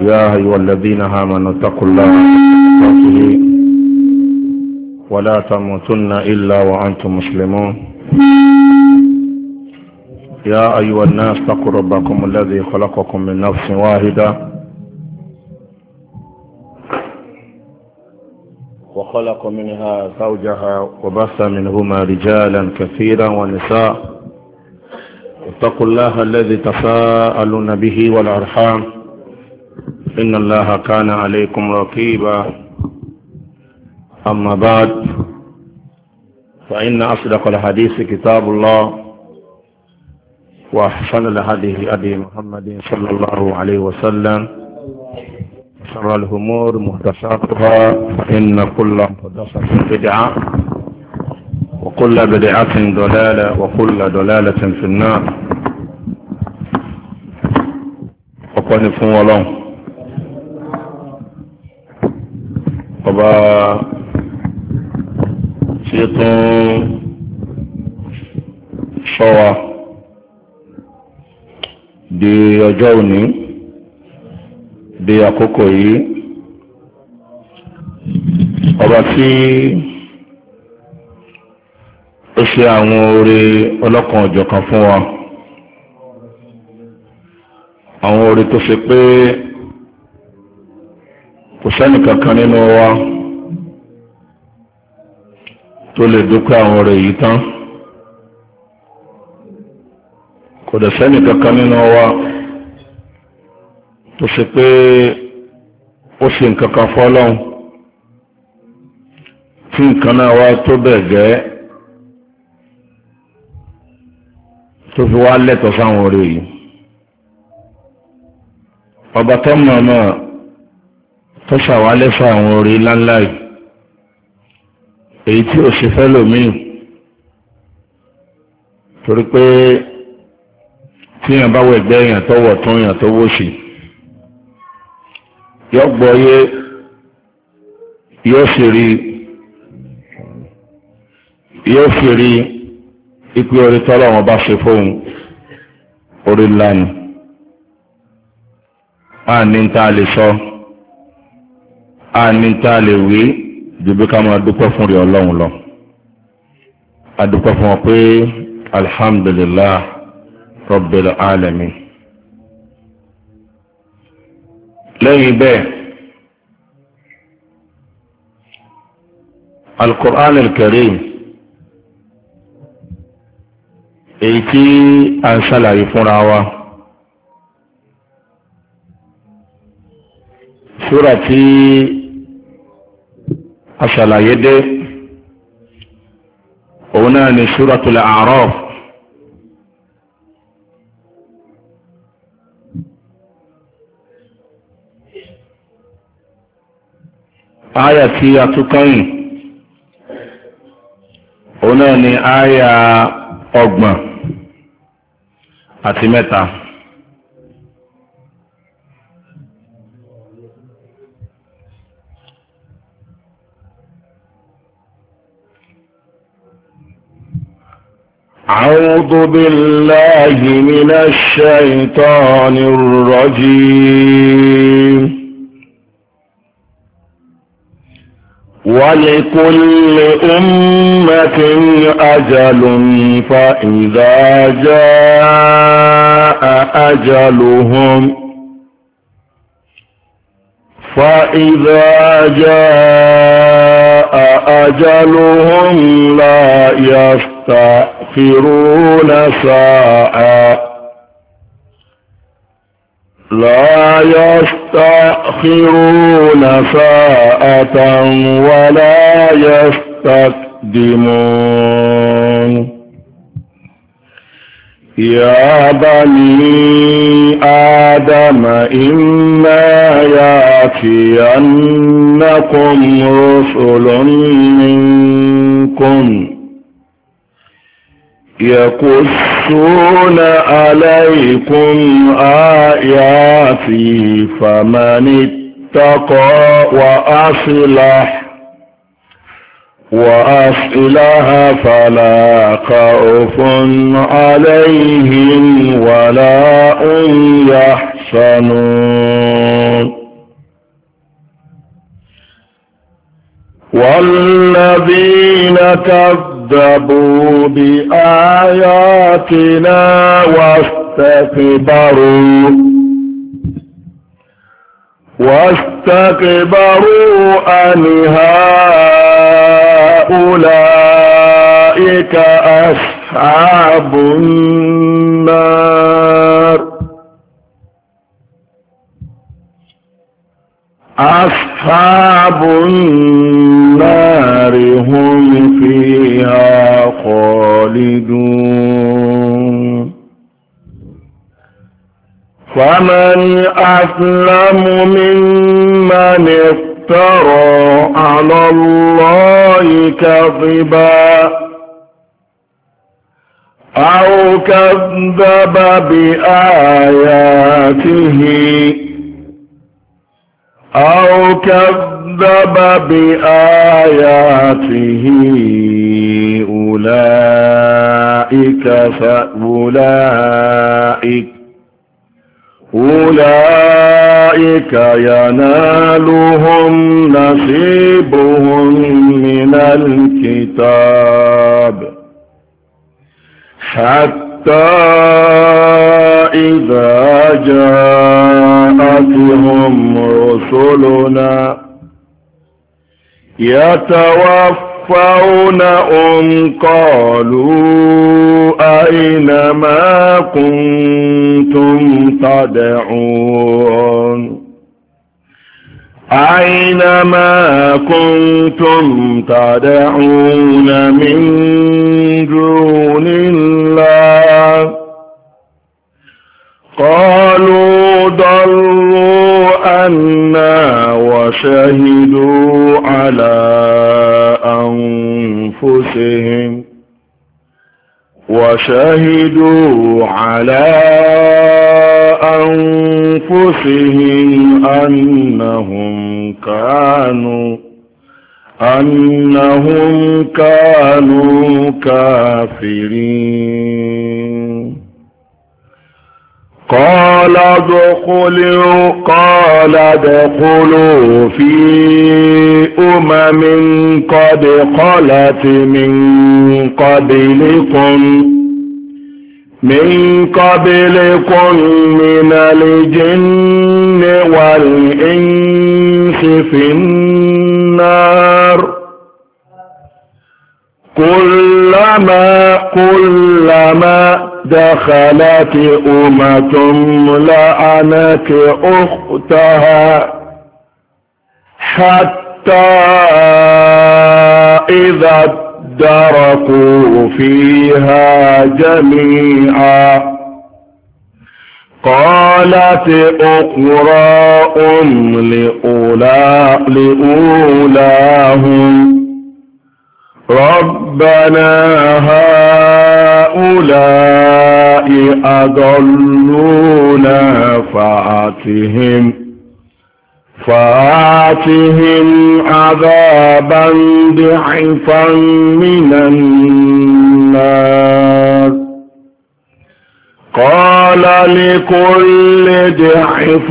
يا أيها الذين آمنوا اتقوا الله ولا تموتن إلا وأنتم مسلمون يا أيها الناس اتقوا ربكم الذي خلقكم من نفس واحدة وخلق منها زوجها وبث منهما رجالا كثيرا ونساء اتقوا الله الذي تساءلون به والأرحام إن الله كان عليكم رقيبا أما بعد فإن أصدق الحديث كتاب الله وأحسن الهدي أبي محمد صلى الله عليه وسلم شر الأمور مهدساتها فإن كل مهدسة بدعة وكل بدعة ضلالة وكل ضلالة في النار وكل فهو ọba tí ó tún ṣọ́ wa di ọjọ́ òní di àkókò yìí ọba tí ó ṣe àwọn oore ọlọ́kan ọ̀jọ̀kan fún wa àwọn oore tó ṣe pé kò sẹ́ni kankan nínú wa tó lè dúpẹ́ àwọn rẹ̀ yìí tán kò dẹ̀ sẹ́ni kankan nínú wa tó ṣe pé ó ṣe nǹkan kan fọ́lọ́hún tí nǹkan náà wá tó bẹ̀ gẹ́ tó fi wá lẹ́tọ̀ọ́ sáwọn rẹ̀ yìí ọba tó náà tó ṣàwálẹ́fà àwọn orí ńláńlá yìí èyí tí ò ṣe fẹ́ lòmíì torí pé tí èèyàn bá wọ ẹgbẹ́ èèyàn tó wọ̀ tó èèyàn tó wọ̀ sí yọ gbọ́ yé yóò sì rí yóò sì rí ipe orí tọ́lọ̀ wọn bá ṣe fóun orí ńlá ni. máa ní ta lè sọ. So àníta lè wí jùbí ká máa dúpẹ́ fún rí ọlọ́run lọ adúpẹ́ fún wọn pé alhamdulillah rabbil alamin lẹ́yìn bẹ́ẹ̀ alkur'an alkarim èyí tí a ń ṣàlàyé fúnra wa súra tí aṣàlàyé dé òun náà ni Suratul A'raf áyà tí a tún kọ́yìn òun náà ni áyà ọgbọ̀n àti mẹ́ta. أعوذ بالله من الشيطان الرجيم ولكل أمة أجل فإذا جاء أجلهم فإذا جاء أجلهم لا يفتح يستأخرون ساعة لا يستأخرون ساعة ولا يستقدمون يا بني آدم إما يأتينكم رسل منكم يقصون عليكم آياتي فمن اتقى وأصلح وأصلح فلا خوف عليهم ولا هم يحسنون والذين كفروا كذبوا بآياتنا واستكبروا واستكبروا أن هؤلاء أصحاب النار أصحاب النار النار هم فيها خالدون فمن أسلم ممن افترى على الله كذبا أو كذب بآياته أو كذب كذب بآياته أولئك فأولئك أولئك ينالهم نصيبهم من الكتاب حتى إذا جاءتهم رسلنا يتوفون أم قالوا أين ما كنتم تدعون أين ما كنتم تدعون من دون الله قالوا ضلوا أنا وشهدوا على أنفسهم وشهدوا على أنفسهم أنهم كانوا أنهم كانوا كافرين قال ادخلوا قال ادخلوا في أمم قد خلت من قبلكم من قبلكم من الجن والإنس في النار كل كلما كلما دخلت أمة لعنت أختها حتى إذا ادركوا فيها جميعا قالت أقراء لأولاهم ربنا هؤلاء أضلونا فآتهم فآتهم عذابا ضعفا من النار قال لكل ضعف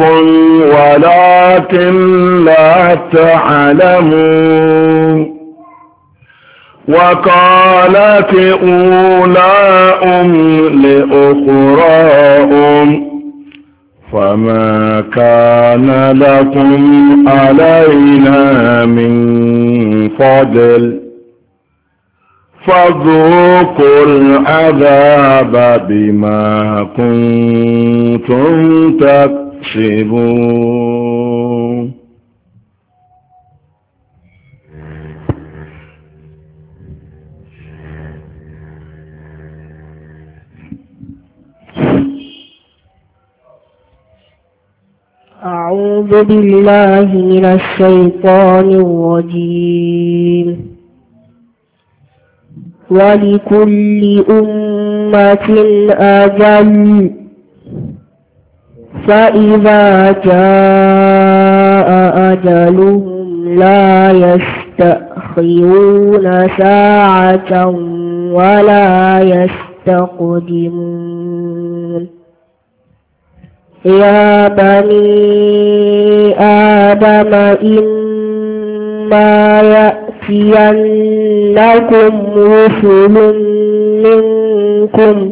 ولكن لا تعلمون وقالت أولاهم لأخراهم فما كان لكم علينا من فضل فذوقوا العذاب بما كنتم تكسبون أعوذ بالله من الشيطان الرجيم ولكل أمة أجل فإذا جاء أجلهم لا يستأخرون ساعة ولا يستقدمون يا بني آدم إما يأتينكم رسل منكم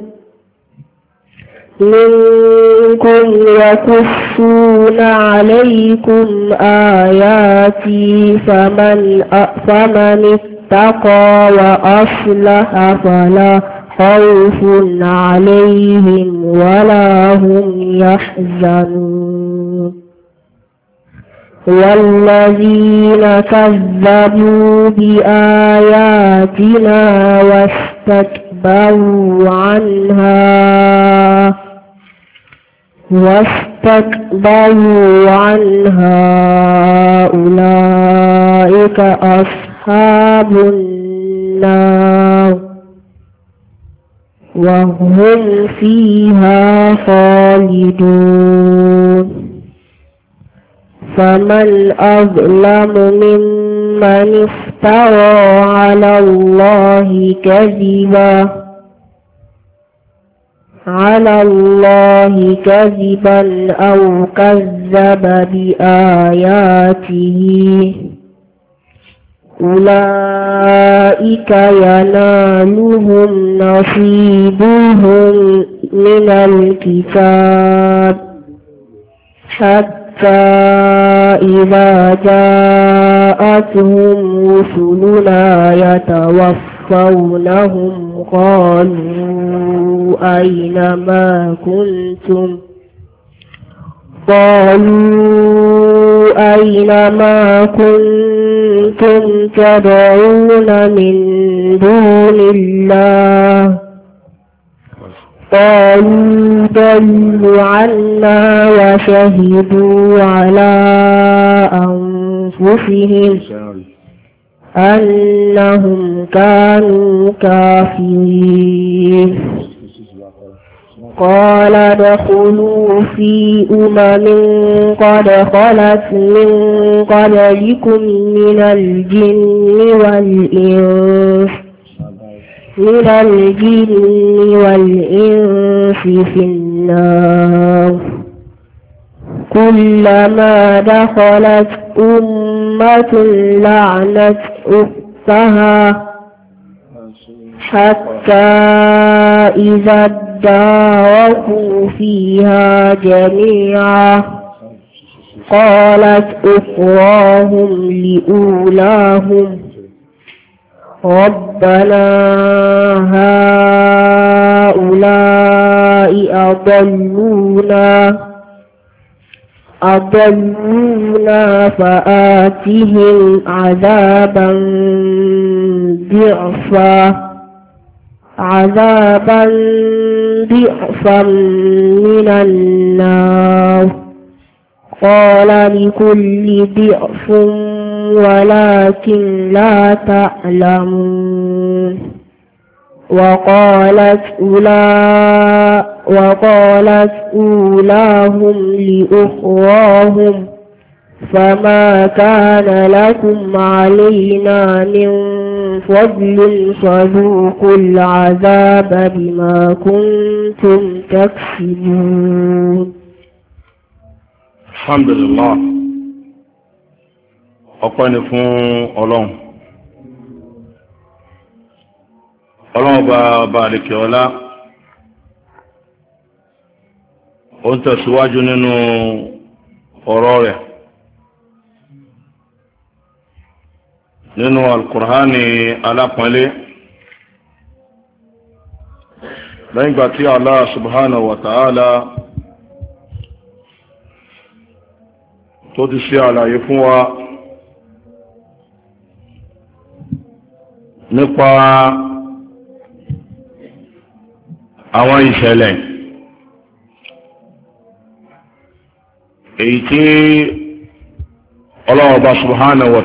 منكم يكفون عليكم آياتي فمن فمن اتقى وأصلح فلا خوف عليهم ولا هم يحزنون والذين كذبوا بآياتنا واستكبروا عنها واستكبروا عنها أولئك أصحاب النار وهم فيها خالدون فمن أظلم ممن افترى على الله كذبا على الله كذبا أو كذب بآياته أولئك ينالهم نصيبهم من الكتاب حتى إذا جاءتهم رسلنا يتوفونهم قالوا أين ما كنتم قالوا أينما كنتم تدعون من دون الله قالوا ضلوا عنا وشهدوا على أنفسهم أنهم كانوا كافرين قال ادخلوا في أمم قد خلت من قبلكم من الجن والإنس من الجن والإنس في النار كلما دخلت أمة لعنت أختها حتى إذا تداركوا فيها جميعا قالت أخراهم لأولاهم ربنا هؤلاء أضلونا أضلونا فآتهم عذابا ضعفا عذابا بئسا من النار قال لكل بئس ولكن لا تعلمون وقالت أولا وقالت أولاهم لأخراهم فما كان لكم علينا من فضل فذوقوا العذاب بما كنتم تكسبون الحمد لله ọpẹ́ ni fún ọlọ́run ọlọ́run bá bá àdìkẹ́ ọlá ó ń tẹ̀síwájú nínú ọ̀rọ̀ rẹ̀ nínú alukur'ani alápọ̀nlé lẹ́yìn ìgbà tí Allah subhanahu wa ta'ala tó ti ṣe àlàyé fún wa nípa àwọn ìṣẹ̀lẹ̀ èyí tí ọlọ́wọ́ bá subhanahu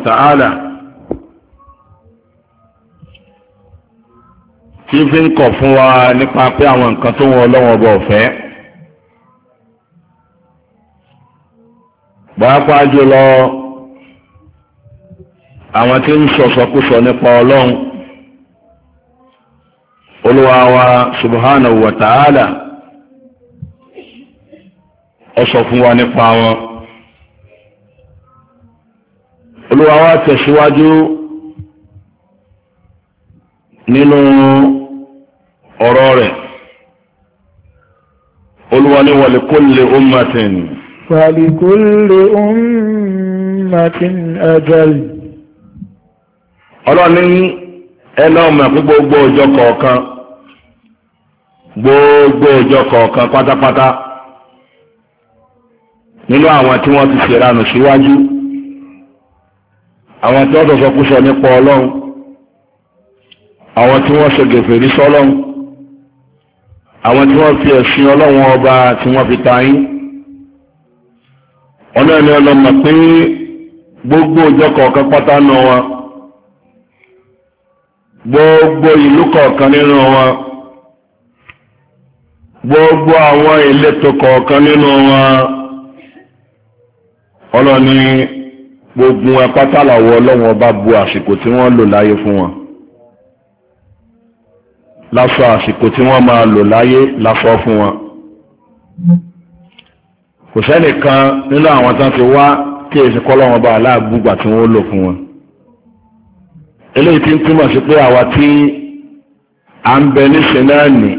tí fi ń kọ̀ fún wa nípa pé àwọn nǹkan tó wọn ọlọ́wọ́n ọba ọ̀fẹ́. pàápàá jùlọ àwọn tí ń sọ̀sọ̀kúsọ nípa ọlọ́run olúwa wa subhanahu wa ta'ala ó sọ fún wa nípa wọn. olúwa wa tẹ̀síwájú nínú. ọ̀rọ̀ rẹ̀ olúwa ní wàlíkólè ummatin wàlíkólè ummatin ajal ọlọ́ni ẹlọ ọmọ gbogbo ọjọ́ kọ̀ọ̀kan gbogbo pátápátá nínú àwọn tí wọ́n ti ṣèrànù síwájú àwọn tí wọ́n tó nípa ọlọ́run àwọn tí wọ́n ṣe sọ́lọ́run àwọn tí wọ́n fi ẹ̀sìn ọlọ́run ọba tí wọ́n fi ta yín ọlọ́run ọlọ́mọ pé gbogbo ọjọ́ kọ̀ọ̀kan pátá nù wọn gbogbo ìlú kọ̀ọ̀kan nínú wọn gbogbo àwọn ìletò kọ̀ọ̀kan nínú wọn ọlọ́ni gbogbo ẹ̀ pátá làwọn ọlọ́run ọba bu àsìkò tí wọ́n lò láyé fún wọn lásọ àsìkò tí wọ́n máa lò láyé lásọ fún wọn kò sẹ́nìkan nínú àwọn tán ti wá kí èsì kọ́lọ́wọ́n bá aláàgbúgbà tí wọ́n lò fún wọn eléyìí tí ń túmọ̀ sí pé àwa tí a ń bẹ níṣẹ́ náà nì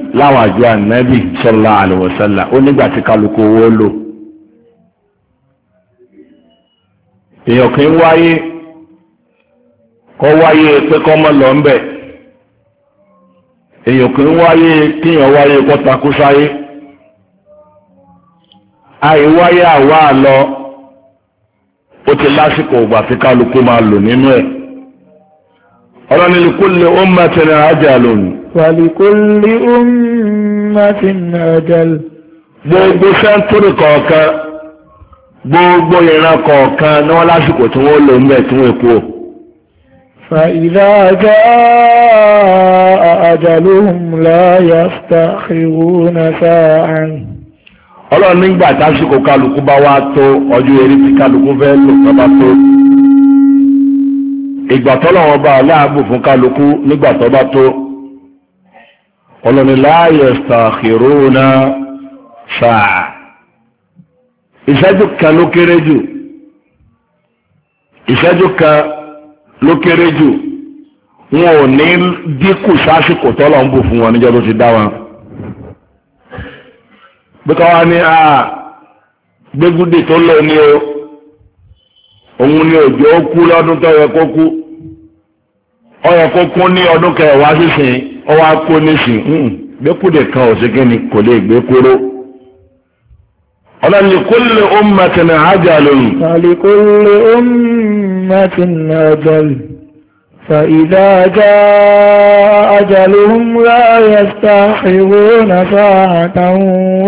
ànábì sallallahu alaihi wasallam ó nígbà tí kálukú owó lò èèyàn kì í wáyé kọ́ wáyé pé kọ́ mọ́ lọ èèyàn kì í wáyé kíyàn wáyé kọ́takú sáyé àìwáyé àwa àlọ ó ti lásìkò ògbà tí kálukú máa lò nínú ẹ̀ ọlọ́ni likulli ummatin ajalun. wa likulli ummatin ajal. gbogbo sẹ́ńtúrì kọ̀ọ̀kan gbogbo ìran kọ̀ọ̀kan ni wọ́n lásìkò tí wọ́n lò ń bẹ̀ tí wọ́n kú o. فإذا جاء أجلهم لا يستخرون ساعة ọlọ́run nígbà tásìkò kálukú bá wá tó ọjọ́ eré tí kálukú fẹ́ lò tó bá tó ìgbà tọ́lọ́wọ́n bá aláàbò fún kálukú nígbà tó tó ọlọ́run la yastakhiruna sa'a ìṣẹ́jú kan ló kéré jù ìṣẹ́jú kan ló kéré jù wọn ò ní dínkù sásìkò tọ́lọ̀ ń bù fún wọn níjọ́ tó ti dá wọn. ní a gbégúdì tó lọ ní o òun ni òjò ó kú lọ́dún tó yẹ kó kú kó ní ọdún kẹwàá sísìn ó wá kú nísìn hmm, kan ọlọ́run ní kulli ummatin ajalun. kulli ummatin ajalun. فإذا جاء أجلهم لا يستحيون ساعة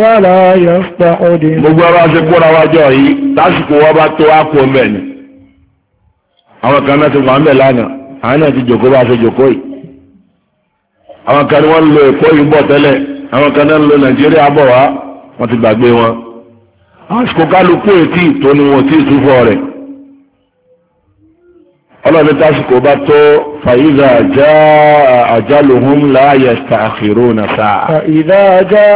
ولا يستحدون gbogbo ọba ṣe kóra wájọ yìí lásìkò wọn bá tó àpò mẹ́ni àwọn kan náà ti wà mẹ́ lánàá àwọn náà ti jòkó bá ṣe jòkó yìí àwọn kan ni wọ́n lo Èkó yìí bọ̀ tẹ́lẹ̀ àwọn kan náà lo Nàìjíríà bọ̀ wá wọ́n ti gbàgbé wọn àsìkò kálukú ètí tó ni wọn ti túfọ̀ rẹ̀ ọlọ́ni tásìkò bá tó fàyíza já àjálùhùn láàyè stàkìrò na sáà. fàyíza já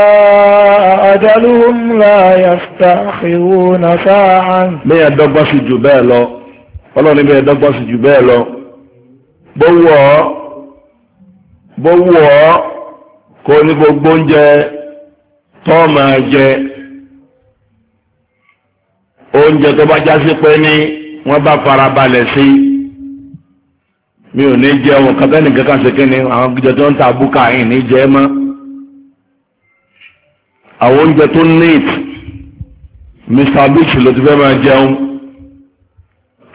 àjálùhùn láàyè stàkìrò na sáà. bẹ́ẹ̀ dọ́gbọ́n sí jù bẹ́ẹ̀ lọ ọlọ́ni bẹ́ẹ̀ dọ́gbọ́n sí jù bẹ́ẹ̀ lọ bọ́wọ́ bọ́wọ́ kò ní gbogbo oúnjẹ tọ́ máa jẹ. oúnjẹ tó bá jásí pé ní wọ́n bá fara balẹ̀ sí mi ò ní jẹ ohun kankan nìkan kan ṣe kíni àwọn tó ń ta búkà yìí ní jẹ mọ́ àwọn oúnjẹ tó neat mr beach ló ti fẹ́ máa jẹun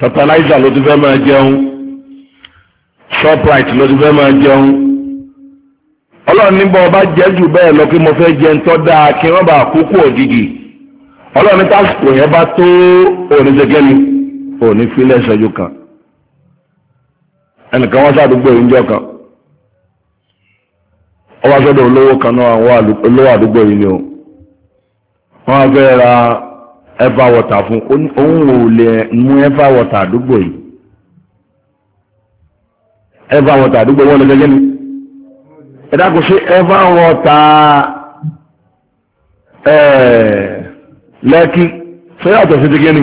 fertilizer ló ti fẹ́ máa jẹun shoprite ló ti fẹ́ máa jẹun ọlọ́run ọba jẹ́ jù bẹ́ẹ̀ lọ kí mo fẹ́ jẹun tó dáa kí ọlọ́run ní tásìkò yẹn bá tó oníṣẹ́gẹ́ni òní fílẹ̀ ṣẹ́jú kan ẹnìkan wọ́n sàdúgbò ìjọ kan ó wá sọ́dọ̀ olówó kan náà olówó àdúgbò yìí ni o wọ́n á fẹ́ ra ẹ̀fà wọ̀tà fún òun ò lè mú ẹ̀fà wọ̀tà àdúgbò yìí ẹ̀fà wọ̀tà àdúgbò wọn lè gẹ́gẹ́ ni ẹ̀dá kò sí ẹ̀fà wọ̀tà ẹ̀ẹ́. lẹ́kí tó sí ti ni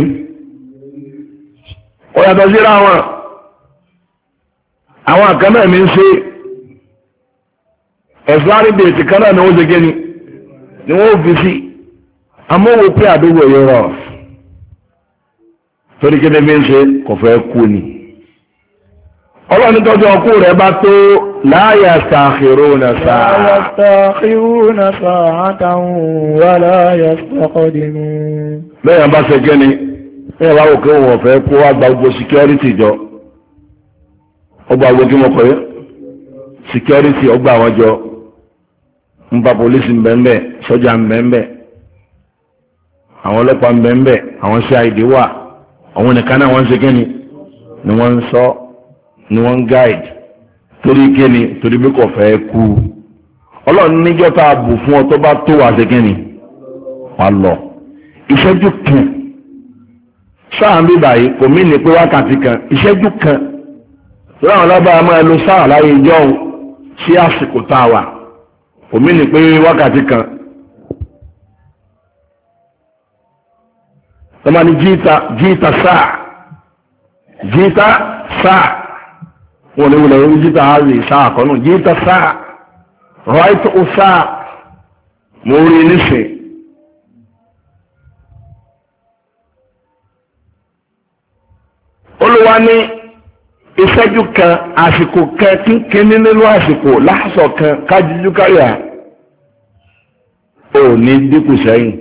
ó yàtọ̀ wọn àwọn àkànnà ní ń ṣe ẹ̀sùn àrídèétì kan náà ni wọ́n ni ni wọ́n fi sí amóhùn pé àdúgbò rọ̀ torí kí ni ń ṣe kú ni. ọlọ́ni tọ́jú ọkú rẹ̀ bá tó láyà sàkìrò na sáà bá ṣe gẹ́ni ẹ̀yà bá òkè wọ̀n fẹ́ kó wá gba gbogbo security jọ ọgbà gbogbo mọ́ kọ́ yẹ́ security ọgbà àwọn jọ ń bá polisi mbẹ́mbẹ́ sọ́jà mbẹ́mbẹ́ àwọn ọlọ́pàá mbẹ́mbẹ́ àwọn CID wà àwọn nìkan náà gẹ́ni ni wọ́n ń sọ. ni wọ́n guide torí kíni torí bí kò fẹ́ kú ọlọ́run níjọ́ tá a bù fún ọ tó bá tó wà sí kíni wà lọ ìṣẹ́jú kan sáà ń bí báyìí kò mí ní pé wákàtí kan ìṣẹ́jú kan láwọn lábára máa lo sáà láyé ìjọ òun sí àsìkò tá a wà kò mí ní pé wákàtí kan tọ́mọ jíta jíta sáà jíta sáà. wọn ni wulẹ̀ yóò jíta ààrẹ saa raitu jíta sáà right o sáà mo ìṣẹ́jú kan àsìkò kan nínú àsìkò kan kájújú káyà ò ní dínkù sẹ́yìn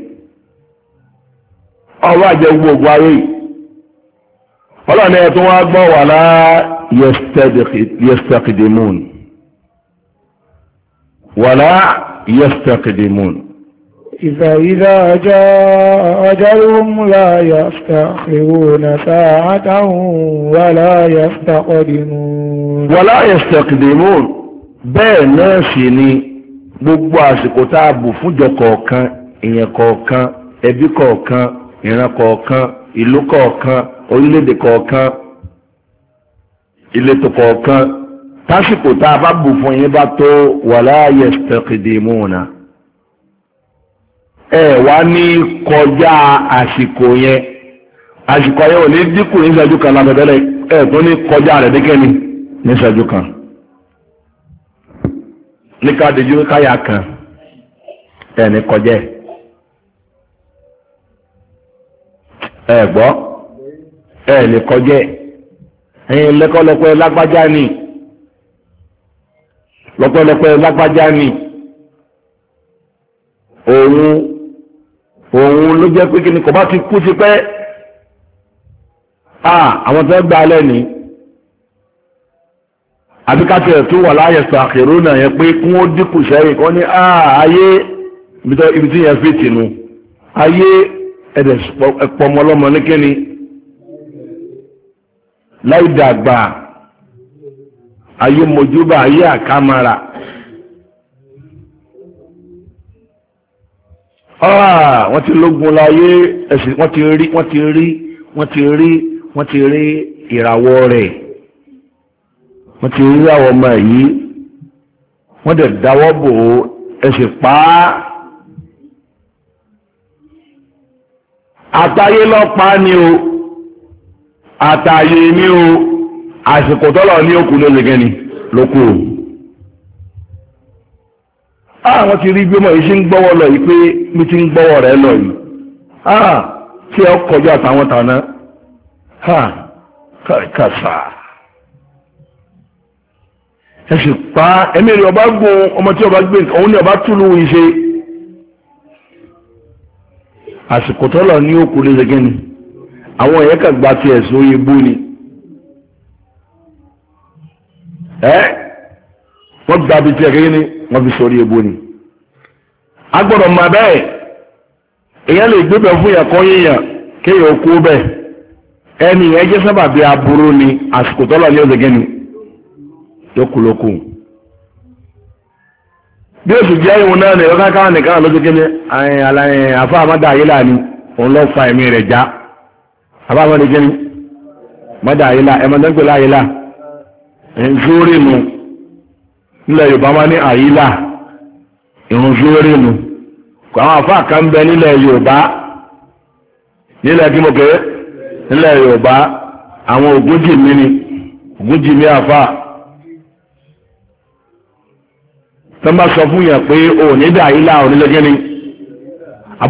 ọwọ́ àjẹgbogbo ayé yìí ẹ̀ tó wá يستقدمون ولا يستقدمون إذا إذا جاء أجلهم لا يستأخرون ساعة ولا يستقدمون ولا يستقدمون بين náà sì ni gbogbo àsìkò tá a bù fúnjọ kọ̀ọ̀kan èèyàn kọ̀ọ̀kan ẹbí kọ̀ọ̀kan ìran kọ̀ọ̀kan ìlú kọ̀ọ̀kan orílẹ̀-èdè kọ̀ọ̀kan ìletò kọ̀ọ̀kan tásìkò tá a bá bù fún yín bá tó wàlá yastaqdimuna ẹ wá ní kọjá àsìkò yẹn àsìkò yẹn ò ní dínkù ní ìṣẹ́jú kan lábẹ́bẹ́lẹ́ ẹ tó ní kọjá rẹ̀ dékẹ́ni ní kan ní ká káyà kan ẹ ní kọjá ẹ. gbọ́ ẹ lè kọjá ẹ̀yin lẹ́kọ́lẹ́kọ́ lágbájá ni lọ́pọ̀lọpọ̀ lágbájá ni òun òun ló jẹ́ pé kí ni kò bá ti kú sí pẹ́ àwọn tó ń gbà lẹ́ni àbíkátẹ̀ tó wà láàyè sàkèrò náà yẹn pé kún ó dínkù sẹ́yìn kan ní ààyè ibi tí yẹn fi tìǹù ayé ẹ̀dẹ̀ pọmọlọmọ ní kíni láì dàgbà ayé mojúbà ayé àkámara ah, wọ́n ti lógun láyé ẹ̀sìn wọ́n ti rí wọ́n ti rí wọ́n ti rí wọ́n ti rí ìràwọ̀ rẹ̀ wọ́n ti rí àwọn ọmọ yìí wọ́n dẹ̀ dáwọ́ bò ó ẹ̀sìn pa á àtayé lọ́pàá ni o. àtàyè ní o àsìkò tọ́lọ̀ ní òkú ló lè gẹ́ni o. àwọn ti rí gbémọ̀ yìí ṣe ń gbọ́wọ́ lọ yìí pé mi ti ń gbọ́wọ́ rẹ̀ lọ yìí kọjá àtàwọn tàná kàṣà ẹ sì pa ọba gun ọmọ tí ọba gbé òun ọba túlù àsìkò tọ́lọ̀ ní àwọn èèyàn kan gba tiẹ̀ sórí ibú ni ẹ́ wọ́n gba bi tiẹ̀ kékeré ni wọ́n fi sórí ibú ni a gbọ́dọ̀ mọ̀ bẹ́ẹ̀ èèyàn lè gbé bẹ́ẹ̀ fún e kọ́ kéèyàn kú bẹ́ẹ̀ ẹni yẹn jẹ́ sábàbí aburú ni àsìkò tọ́lọ̀ ní bí jẹ́ ìwọ̀n náà ni nìkan òun lọ́ fa ẹ̀mí rẹ̀ já. Aba ní gíní mọ́dà àyílá ẹmọdẹ́gbẹ̀lá àyílá ẹ̀yìn zúrí mu nílẹ̀ yorùbá máa ní àyílá ìrùn zúrí mu kò àwọn àfáà kan bẹ nílẹ̀ yorùbá nílẹ̀ kí mo kéré nile yorùbá àwọn ògúnjì mi ni ògúnjì mi àfáà tọ́ bá sọ fún yẹn pé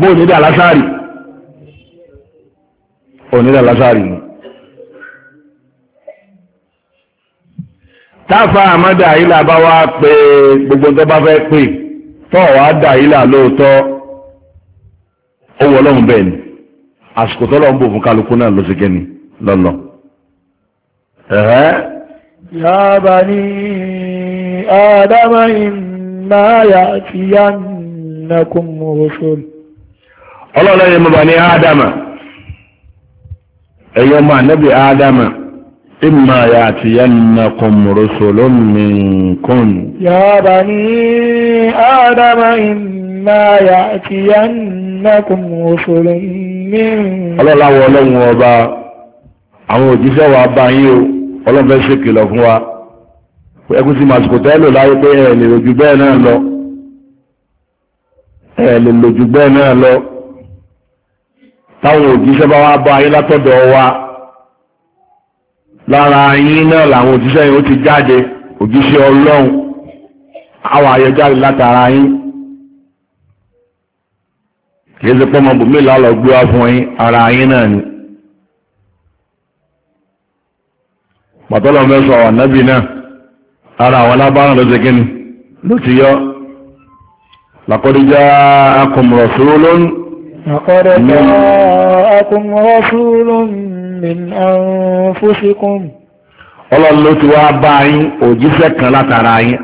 òní onílẹ̀ lásàrì ni táfà àmọ́dà ìlà bá wá pé gbogbo tó bá fẹ́ pè tọ́ wá dà ìlà lóòótọ́ ó wọ ọlọ́run bẹ́ẹ̀ ni àsìkò tọ́lọ́ ń bò fún kálukú náà ló sì gẹ́ ni lọ́lọ́ يا بني آدم إما يأتينكم ẹ̀yọ́ máa nẹ́bí ádámà imma ya'tiyannakum rusulun minkum. ya bani ádámà imma ya'tiyannakum rusulun minkum. ọlọ́láwọ̀ ọlọ́run ọba àwọn wa bá yín o ṣe fún wa ẹkùn sí màsìkò tẹ́lò láyé pé ẹ̀ lè bẹ́ẹ̀ náà lọ ẹ̀ lè bẹ́ẹ̀ náà lọ táwọn òjíṣẹ́ bá wá bá ayé látọ̀dọ̀ wa lára yín náà làwọn òjíṣẹ́ yìí ó ti jáde òjíṣẹ́ ọlọ́run àwọn ayé jáde látara yín kìí ṣe pọ́nmọ́ bùnmí lálọ́ gbé wá fún yín ara yín náà ni. mẹ́sàn náà ara àwọn alábáràn ló ṣe ló ti yọ akọ̀mọ̀rọ̀ sóró جاءكم رسول من أنفسكم ọlọ́run ló ti wá bá yín òjíṣẹ́ kan látara yín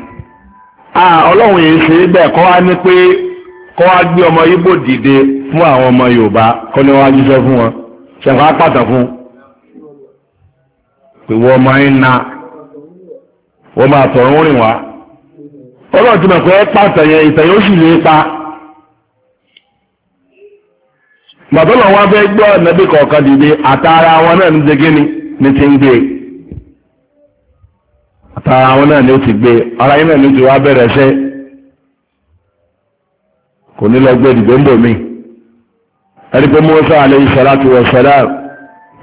ọlọ́run yìí ṣe bẹ́ẹ̀ kọ́ wá ní pé kọ́ wá gbé ọmọ Ìgbò dìde fún àwọn ọmọ Yorùbá kọ́ ní wá jíṣẹ́ fún wọn ṣẹ̀fọ́ apàtàn fún pé wọ́n máa ń na wọ́n máa tọ̀rún rìn wá ọlọ́run ti mọ̀ pé pàtàn yẹn ìtàn yóò sì lè pa. gbàtọ́ náà wọ́n fẹ́ gbọ́ ẹ̀nàbí kọ̀ọ̀kan dìde àtàrà wọn náà ní segin ni ti ń gbé ni ti gbé ara yín náà ni ti wá bẹ̀rẹ̀ ṣẹ́ kò ní lọ gbé dìbò ń bò mí ẹni pé Musa alayhi salatu wa salam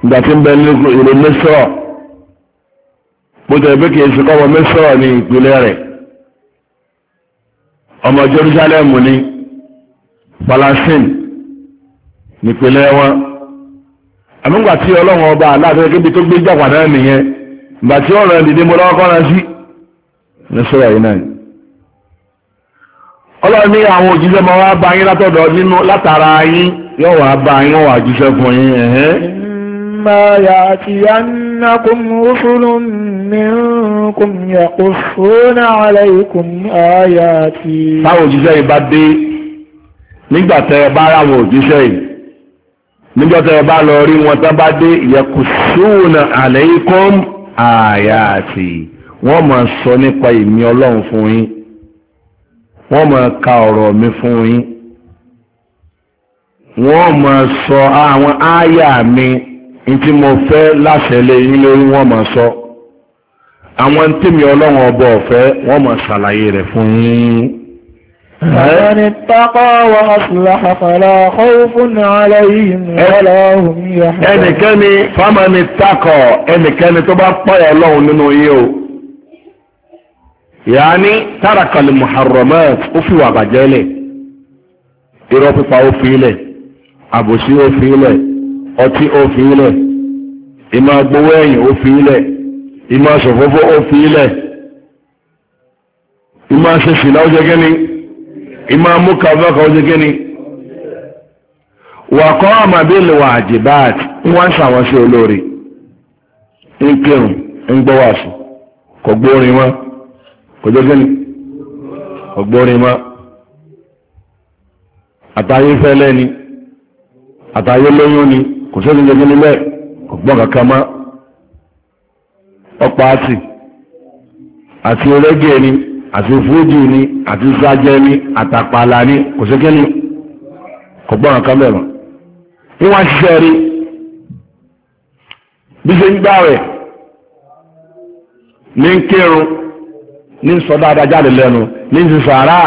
ìgbà tí ń bẹ ní ìlú mẹsọ̀rọ̀ kìí ní ìpínlẹ̀ rẹ̀ ọmọ Jerusalem ní Palestine. nípínlẹ̀ wọn àmúgbà tí ọlọ́run ọba aláàfẹ́ kébi tó gbé jàpá náà nìyẹn ìgbà ọ̀rọ̀ dìde mo lọ́wọ́ kọ́ra sí ní sọ́yà yìí náà ọlọ́run ní àwọn òjíṣẹ́ máa wá bá yín látọ̀dọ̀ nínú látara yín yóò wá bá yín wà jíṣẹ́ fún yín ẹ̀hẹ́n. ما يأتينكم رسل منكم يقصون عليكم آياتي táwọn òjíṣẹ́ yìí bá dé nígbà tẹ́ ẹ bá ráwọn òjíṣẹ́ yìí níjọ́ tẹ́ ẹ bá lọ rí wọn tán bá dé yakusuna alaykum ayati wọ́n máa sọ nípa ìmí ọlọ́run fún yín wọ́n máa ka ọ̀rọ̀ mi fún yín wọ́n máa sọ àwọn àyà mi ntí mo fẹ́ láṣẹ yín lórí wọ́n máa sọ àwọn ntí mi ọlọ́run ọba ọ̀fẹ́ wọ́n máa ṣàlàyé rẹ̀ fún yín. من اتقى وأصلح فلا خوف عليهم ولا هم يحزنون ẹnikẹ́ni فمن اتقى ẹnikẹ́ni tó bá páyà Ọlọ́run nínú yìí o yàní ترك المحرمات ó fi wà bàjẹ́ lẹ̀ irọ́ pípa ó fi lẹ̀ àbòsí ó fi lẹ̀ ọtí ó fi lẹ̀ ìmọ̀ agbowó ẹ̀yìn ó fi lẹ̀ ìmọ̀ ṣòfófó ó fi lẹ̀ ìmọ̀ ṣe ṣìlá ó jẹ́ gẹ́ni. I kaza kawaje ka wa qama bil wajibat won sa won se olori nkeun ngbo wasu ko gborin won ko je gini ko gborin ma atayi fele ni atayi loyun ni ko se je gini le ko gbo kan kama ọpa asi àti ológe ẹni àti fújì ni àti sájẹ́ ni àtàpàlà ni kò sí kíni kò gbọ́n kan bẹ̀rù ní wọ́n ṣiṣẹ́ rí bí ṣe ń gbá rẹ̀ ní ń kírun ní ń sọ dáadáa jáde lẹ́nu ní ń sàárà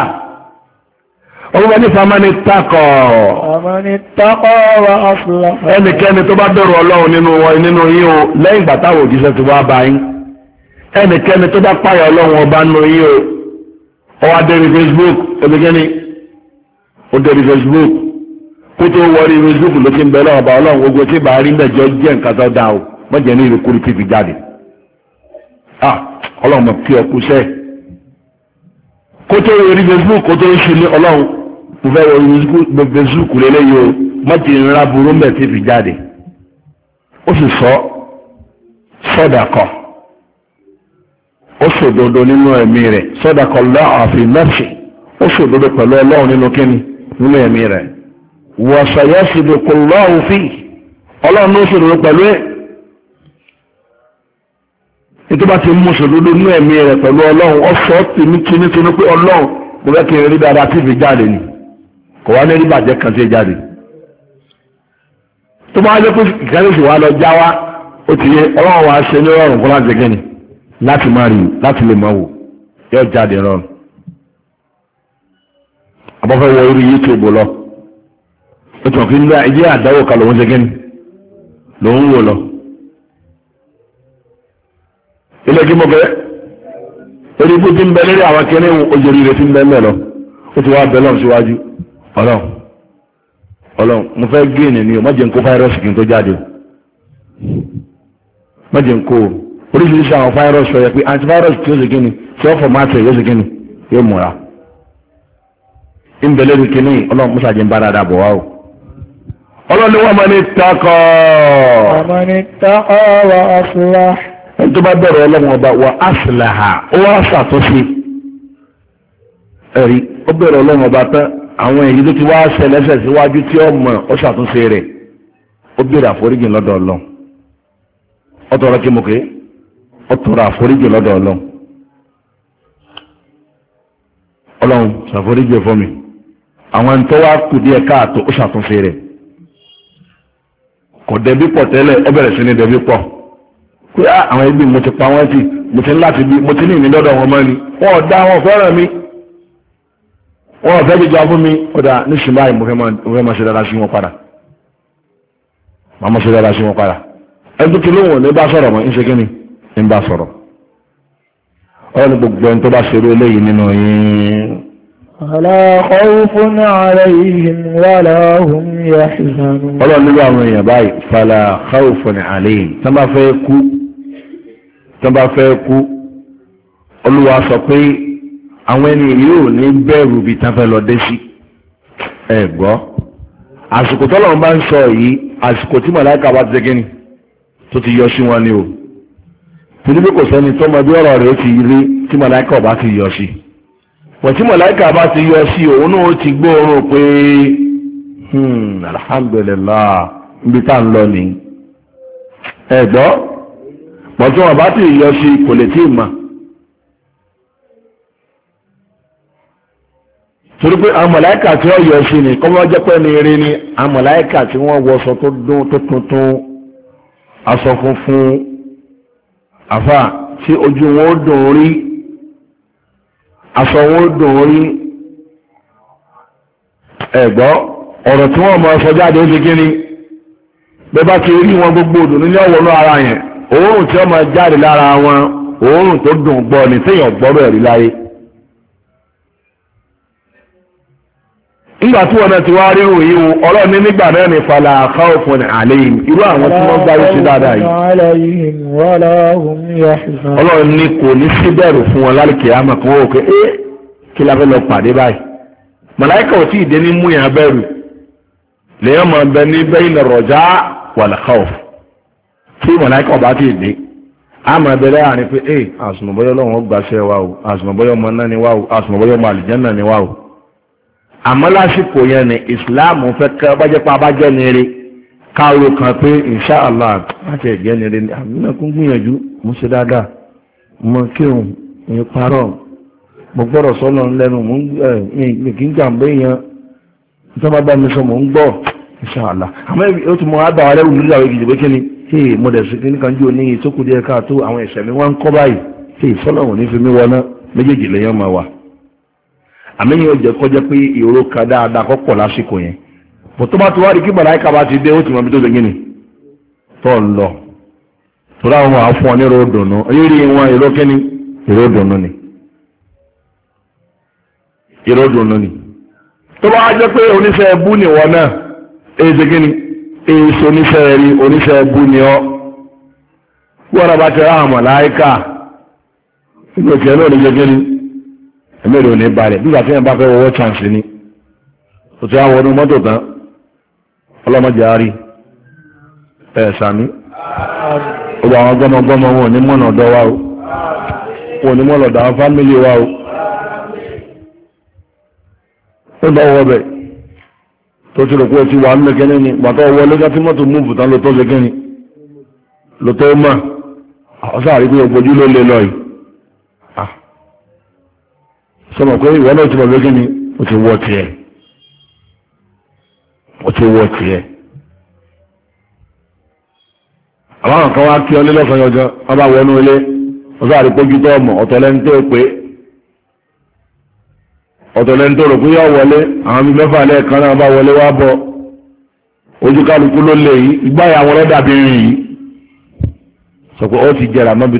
ọgbọ́n ní famani takọ̀ ẹnikẹ́ni tó bá bẹ̀rù ọlọ́run nínú wọn nínú yín o lẹ́yìn ìgbà òjíṣẹ́ ti wá bá ẹnikẹ́ni tó bá páyà ọlọ́run ọba nínú yín o ọwa adẹ́rì facebook ẹ̀mẹ́gẹ́ni o dere facebook kó wọrí facebook ló ti ń bẹ gbogbo tí bàá rí mẹ́jọ jẹ́ nǹkan tó dáa o mọ́jẹ́ ní ìrìkúrú tí fi jáde ah ọlọ́run mọ̀ kí ọkú sẹ́ kó wọrí facebook kó tó ní mo fẹ́ wọrí facebook o burú tí fi jáde ó sì sọ kan. ó ṣòdodo nínú ẹ̀mí rẹ̀ sọ́dàkọ̀lá àfi nafsi ó ṣòdodo pẹ̀lú ọlọ́run nínú kíni nínú ẹ̀mí rẹ̀ wọ̀ṣọ̀yọ́ ṣìdòkò lọ́run fi ọlọ́run ló ṣòdodo pẹ̀lú ẹ̀ bá ti mú ṣòdodo nínú ẹ̀mí rẹ̀ pẹ̀lú ọlọ́run ó sọ tìmí tìmí tìmí pé ọlọ́run mo fẹ́ kí n rí dáadáa tí fi jáde ni kò wá ní rí bàjẹ́ kan tí jáde tó bá wa lọ já wa ó ti yẹ ọlọ́run wa ṣe ní láti máa láti lè máa wò yóò jáde rọrùn abọ́fẹ́ wọ orí youtube lọ ó tún kí ní ilé àdáwò kan ṣe kí ni wò lọ ilé kí mo fẹ́ orí ikú ti ń bẹ lórí àwọn rẹ ti ń bẹ mẹ lọ ó ti wá bẹ lọ síwájú Ọlọ́run mo fẹ́ má jẹ́ ń kó oríṣiríṣi àwọn fáírọ́ọ̀sì ọ̀yẹ́ pé antivirus tí ó sì gíní tí ó fọ̀mátì yóò sì gíní yóò múra ìbẹ̀lẹ̀ ní kíní ọlọ́run mú sàjẹ́ ń bá dáadáa bọ̀ wá o ọlọ́run ni wọ́n mọ ní ní wa ẹni tó bá bẹ̀rẹ̀ ọlọ́run ọba wa asùlá ha ó wá ṣàtúnṣe ẹ̀rí ó bẹ̀rẹ̀ ọlọ́run ọba tán àwọn ti wá ṣẹlẹ́sẹ̀ síwájú tí ó mọ̀ ó ṣàtúnṣe rẹ̀ ó ó tọrọ àforíjì lọ́dọ̀ ọlọ́run ọlọ́run ṣàforíjì fún mi àwọn ẹni tó wá kù díẹ̀ káàtó ó ṣàtúnṣe rẹ̀ kò dẹ̀bí pọ̀ tẹ́lẹ̀ ó bẹ̀rẹ̀ sí ní dẹ̀bí pọ̀ pé ah, àwọn ẹbí mo ti pa wọ́n tì mo ti láti bí mo ti ní ìní lọ́dọ̀ wọn mọ́ ni wọn ò dá wọn fẹ́ràn mi wọn ò fẹ́ jíjọ fún mi ó dà níṣìí báyìí mo fẹ́ máa ṣe dára sí wọn padà máa máa ṣe dára sí wọn padà ẹni tó ti lóhùn ní bá sọ̀rọ̀ mọ́ ń ṣe kí ni ń bá sọ̀rọ̀ ọ̀rọ̀ ni gbogbo ẹni tó bá ṣerú eléyìí nínú yín. Àlá khawfun alayhim wala hum yahzanun. Ọlọ́run nílò àwọn èèyàn báyìí, fala khawfun alayhim. Tán bá fẹ́ kú, tán bá fẹ́ kú, Olúwa sọ pé àwọn ẹni yóò ní bẹ̀rù bí tán lọ dé sí. Ẹ Àsìkò tọ́lọ́run bá ń sọ yìí, àsìkò tí màláìka bá ti dé kíni, tó ti yọ sí wọn ni o torípé kò sẹ́ni tó mọ bí ọ̀rọ̀ rẹ̀ ti rí tí mọ̀láìkà ọba ti yọ sí pọ̀ tí mọ̀láìkà bá ti yọ sí òun náà ti gbóòórùn pé hmm, alhamdulillah níbi tá à ń lọ ni ẹ̀gbọ́ pọ̀ tí wọn bá ti yọ sí kò lè tí ì mọ̀ torí pé àwọn mọ̀láìkà tí wọ́n yọ sí ni kọ́mọ́ jẹ́ pẹ́ ní eré ni àwọn mọ̀láìkà tí wọ́n wọṣọ tó dún tó tuntun aṣọ funfun àfà tí ojú wọn ó dùn rí aṣọ wọn ó dùn rí ẹ̀gbọ́ ọ̀rọ̀ tí wọ́n mọ ẹ̀fọ́ jáde ó ti kí ni bẹ́ bá ti rí wọn gbogbo òdùn ní ọ̀wọ́nú ara yẹn òórùn tí wọ́n mọ jáde lára wọn òórùn tó dùn gbọ́ ni téèyàn gbọ́rọ̀ ẹ̀rí láyé. nígbà tí wọn náà ti wá ríru yìí o ọlọ́run ní nígbà náà ní fàlà àkàwọ̀fún àlẹ́yìn irú àwọn tí wọ́n gbáyé sí dáadáa yìí ọlọ́run ní kò ní sí bẹ̀rù fún wọn lálùkì àmọ́ kan wọ́n pé ẹ́ kí la fẹ́ lọ pàdé báyìí màláìkà ò tí ì dé ní mú yàn bẹ̀rù lèyàn máa bẹ ní bẹ́yìn lọ rọ̀já tí màláìkà ọba tí dé àmọ́ ẹbẹ̀ láàrin ẹ́ àsùnmọ̀bọ́yọ́ àmọ́ lásìkò yẹn ni islam fẹ́ kẹ́ bájẹ́pá bájẹ́ ni rí káàrò kan pé inṣáàlá láti ẹ̀jẹ́ ni rí ni àmìnà kún gbìyànjú mú sí dáadáa mọ kí òun ní parọ́ mo gbọ́dọ̀ sọ́nà lẹ́nu mú ẹ̀ kí n jàǹbá èèyàn tó bá bá mi sọ mò ń gbọ́ inṣáàlá àmọ́ ó ti mọ àgbà rẹ̀ wùdú àwọn ìdìbò kí ni tí mo dẹ̀ sí kí nìkan jù ní ìtókùdí ẹ̀ka tó àwọn ìṣẹ̀mí wọn ń kọ́ báyìí tí ìfọ́lọ́wọ̀n ní fi mí wọná méjèèjì lèèyàn máa wà àmẹ́yìn ọjọ́ kọjá pé ìró ka dáadáa kọ́ lásìkò yẹn bó tó bá ti wá rí kí màláìka bá ti dé ó ti mọ ibi tó ṣe gíní tó ń lọ tó dáhùn dùnú rírí wọn ìró ni ìró dùnú ni tó bá jẹ́ pé oníṣẹ́ ẹbú ni wọn náà èyí ṣe èyí ṣe oníṣẹ́ rí oníṣẹ́ ẹbú ni ọ wọn náà bá ti rá ìgbésẹ̀ náà ní ẹ̀mẹ́rin ò ní balẹ̀ bí ìgbàtí ẹ̀mbá fẹ́ wọ́wọ́ chance ni ó ti àwọn ọdún mọ́tò tán ọlọ́mọdé àárí ẹ̀ sàmí ó bá àwọn gbọ́mọgbọ́mọ wọn ní mọ́nà ọ̀dọ́ wa o wọn ní mọ́nà ọ̀dọ́ àwọn fámílì wa o ó bá wọ́ bẹ̀ tó ti rò pé ti wà nílẹ̀ kẹ́ni ni bàtọ́ wọ lẹ́gá tí mọ́tò mú bùtán ló tó ṣe kẹ́ni ló tó mà ọ̀sán àríkú ògbójú ló lè lọ yìí sọmọ pé ìwọ náà ti mọ̀ pé kí ni o ti wọ tiẹ̀ o ti wọ tiẹ̀ àwọn kan wá kí ọ nílọ́sàn yọjọ́ wọ́n bá wọnú ilé wọ́n sáré pójú tó ọmọ ọ̀tọ̀ lẹ́ni tó pé ọ̀tọ̀ lẹ́ni tó rò pé yọ wọlé àwọn mi mẹ́fà lẹ́ẹ̀kan náà bá wọlé wá bọ̀ ojú kálukú ló rìn sọ pé ó ti jẹrà mọ́bi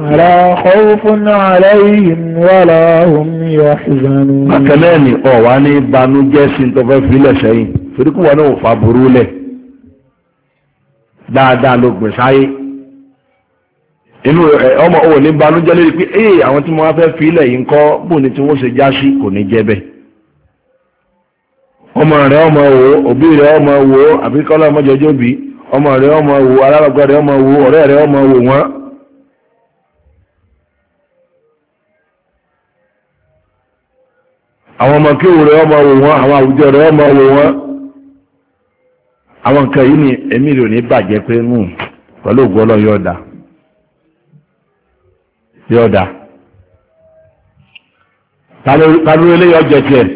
ولا خوف عليهم ولا هم يحزنون bákẹ́lẹ́ ni ọ̀wá ní banújẹ́ sí tó fẹ́ filẹ̀ sẹ́yìn torí kó náà fà burú dáadáa ló ọmọ òun ní banújẹ́ lórí pé ee àwọn tí wọ́n fẹ́ filẹ̀ yìí ń kọ́ tí wọ́n ṣe já sí kò ní bẹ́ẹ̀ ọmọ rẹ ọmọ wo òbí ọmọ wo àbíkọ́lá ọmọ àwọn ọmọ kí òwúrẹ́ ọmọ wò wọ́n àwọn àwùjọ rẹ̀ ọmọ wò wọ́n àwọn nǹkan yìí ni èmi rò ní bàjẹ́ pé mú hmm, pẹ̀lú ògbọ́lọ́ yọ̀ọ̀dà yọ̀ọ̀dà tàbí eléyọ̀ jẹ tiẹ̀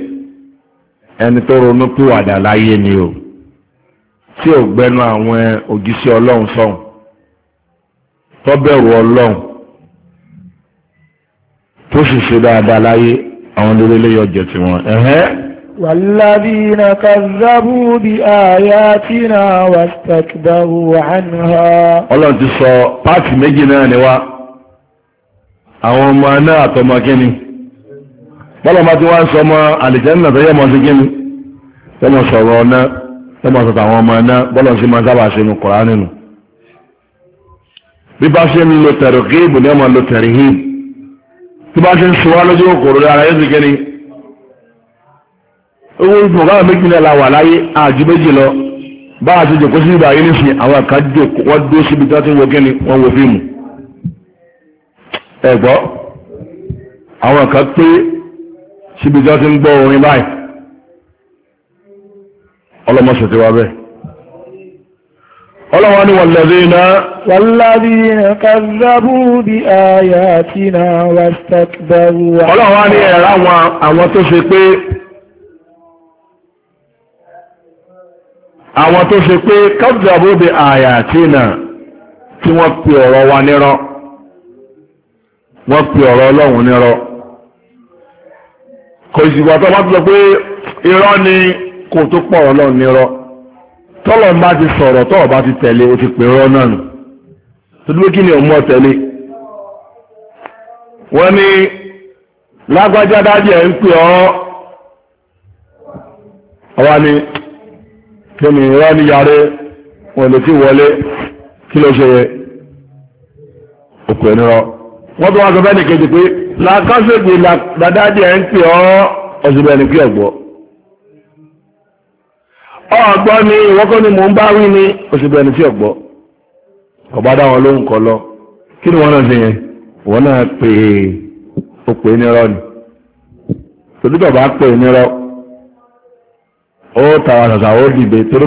ẹni tó ronú pìwàdà láyé ni o tí ò gbẹnu àwọn òjíṣẹ́ ọlọ́run sọ̀hún tó ọlọ́run tó sì ṣe dáadáa láyé àwọn lórí eléyọ jẹ ti wọn ẹ̀hẹ́ والذين na بآياتنا واستكبروا عنها ọlọ́run ti sọ páàkì méjì náà ni wá àwọn ọmọ náà àtọmọ kíni bọ́lọ̀mọ́ tí wọ́n sọ mọ́ àlìjẹ́nà tó yẹ mọ́ sí kíni tọ́mọ sọ̀rọ̀ ọ̀nà tọ́mọ sọ̀tọ̀ àwọn ọmọ náà bọ́lọ̀ sí máa sábà ṣe nu nínú bí bá ṣe ń lo tẹ̀rù kí ibùdó ọmọ lo tẹ̀rù hìí tí bá ṣe ń sọ wá lójú òkòrò ara yóò ti kẹ́ni owó ìgbọ̀n báwọn méjì náà la wà láyé àjù méjì lọ báwọn àti jòkó sí ibà yìí nìsín àwọn kan jòkó wọ́n dó síbi tí wọ́n ti ń wo kẹ́ni wọ́n wo fíìmù ẹ̀gbọ́ àwọn kan pé síbi tí ti ń gbọ́ orin báyìí ọlọ́mọ sọ̀tẹ̀ wa bẹ́ẹ̀ ọlọ́wọ́ ni wàlàdínà wàlàdínà kàzàbù bí ayà tí na wàstàkbàrù wà ọlọ́wọ́ ni ẹ̀rá àwọn tó ṣe pé àwọn tó ṣe pé kàzàbù bí ayà tí na tí wọ́n pè ọ̀rọ̀ wa nírọ́ wọ́n pè ọ̀rọ̀ ọlọ́run nírọ́ kò ìsìnkú àtọ́ wọ́n ti sọ pé irọ́ ni kò tó pọ̀ ọlọ́run nírọ́ tọ́lọ̀ bá ti sọ̀rọ̀ tọ́ọ̀ bá ti tẹ̀lé o ti pèrọ náà nù tó dúró kí ni ọmọ tẹ̀lé wọ́n ni lágbájá dájú ń pè ọ́ ọwá ni kí ni ìrọ́ nwere yàrá wọn lè ti wọlé kí ló ṣe yẹ òkú ẹ̀ rọ wọ́n tó wá ọ̀gbọ́ ni ìwọ́kọ́ ni mò ń bá wí ni oṣù bẹ̀rẹ̀ tí ọ̀gbọ́ ọba dá wọn kọ lọ kí ni wọ́n náà ṣe yẹn wọ́n náà pè é ó pè é nírọ́ ni tòdútọ̀ bá pè é nírọ́ ó tàwa ṣàṣà ó dìbè torí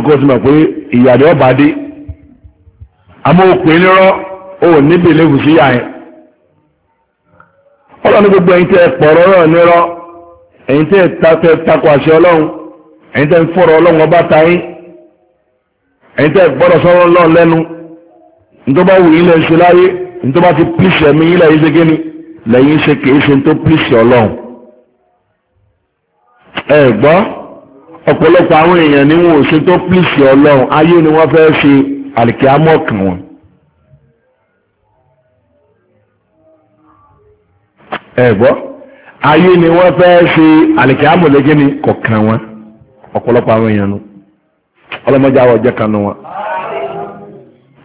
ọba dé àmọ́ ó pè é nírọ́ ó níbi ilé yà yẹn gbogbo ẹ̀yin tẹ́ ẹ nírọ́ ẹ̀yin tẹ́ ẹ ẹ̀yin tẹ́ ń fọ̀rọ̀ ọlọ́run ọba ta yín ẹ̀yin tẹ́ gbọ́dọ̀ sọ̀rọ̀ ọlọ́run lẹ́nu nítorí bá wù yín lẹ́yìn ṣe láyé nítorí bá ti pílìṣì ẹ̀mí yín lẹ́yìn ṣe kíni lẹ́yìn ṣe kìí ṣe tó pílìṣì ọlọ́run. ẹ gbọ́ ọ̀pọ̀lọpọ̀ àwọn èèyàn ni wọn ò ṣe tó pílìṣì ọlọ́run ayé ni wọ́n fẹ́ ṣe àlìkíámọ̀ kàn wọ́n. ẹ gbọ́ ayé ni wọ́n fẹ́ ṣe àlìkíámọ̀ lẹ́gẹ́ni kọ̀ọ̀kan wọn ọ̀pọ̀lọpọ̀ àwọn èèyàn nu ọlọ́mọdé àwọn ọjọ́ kan nu wọn.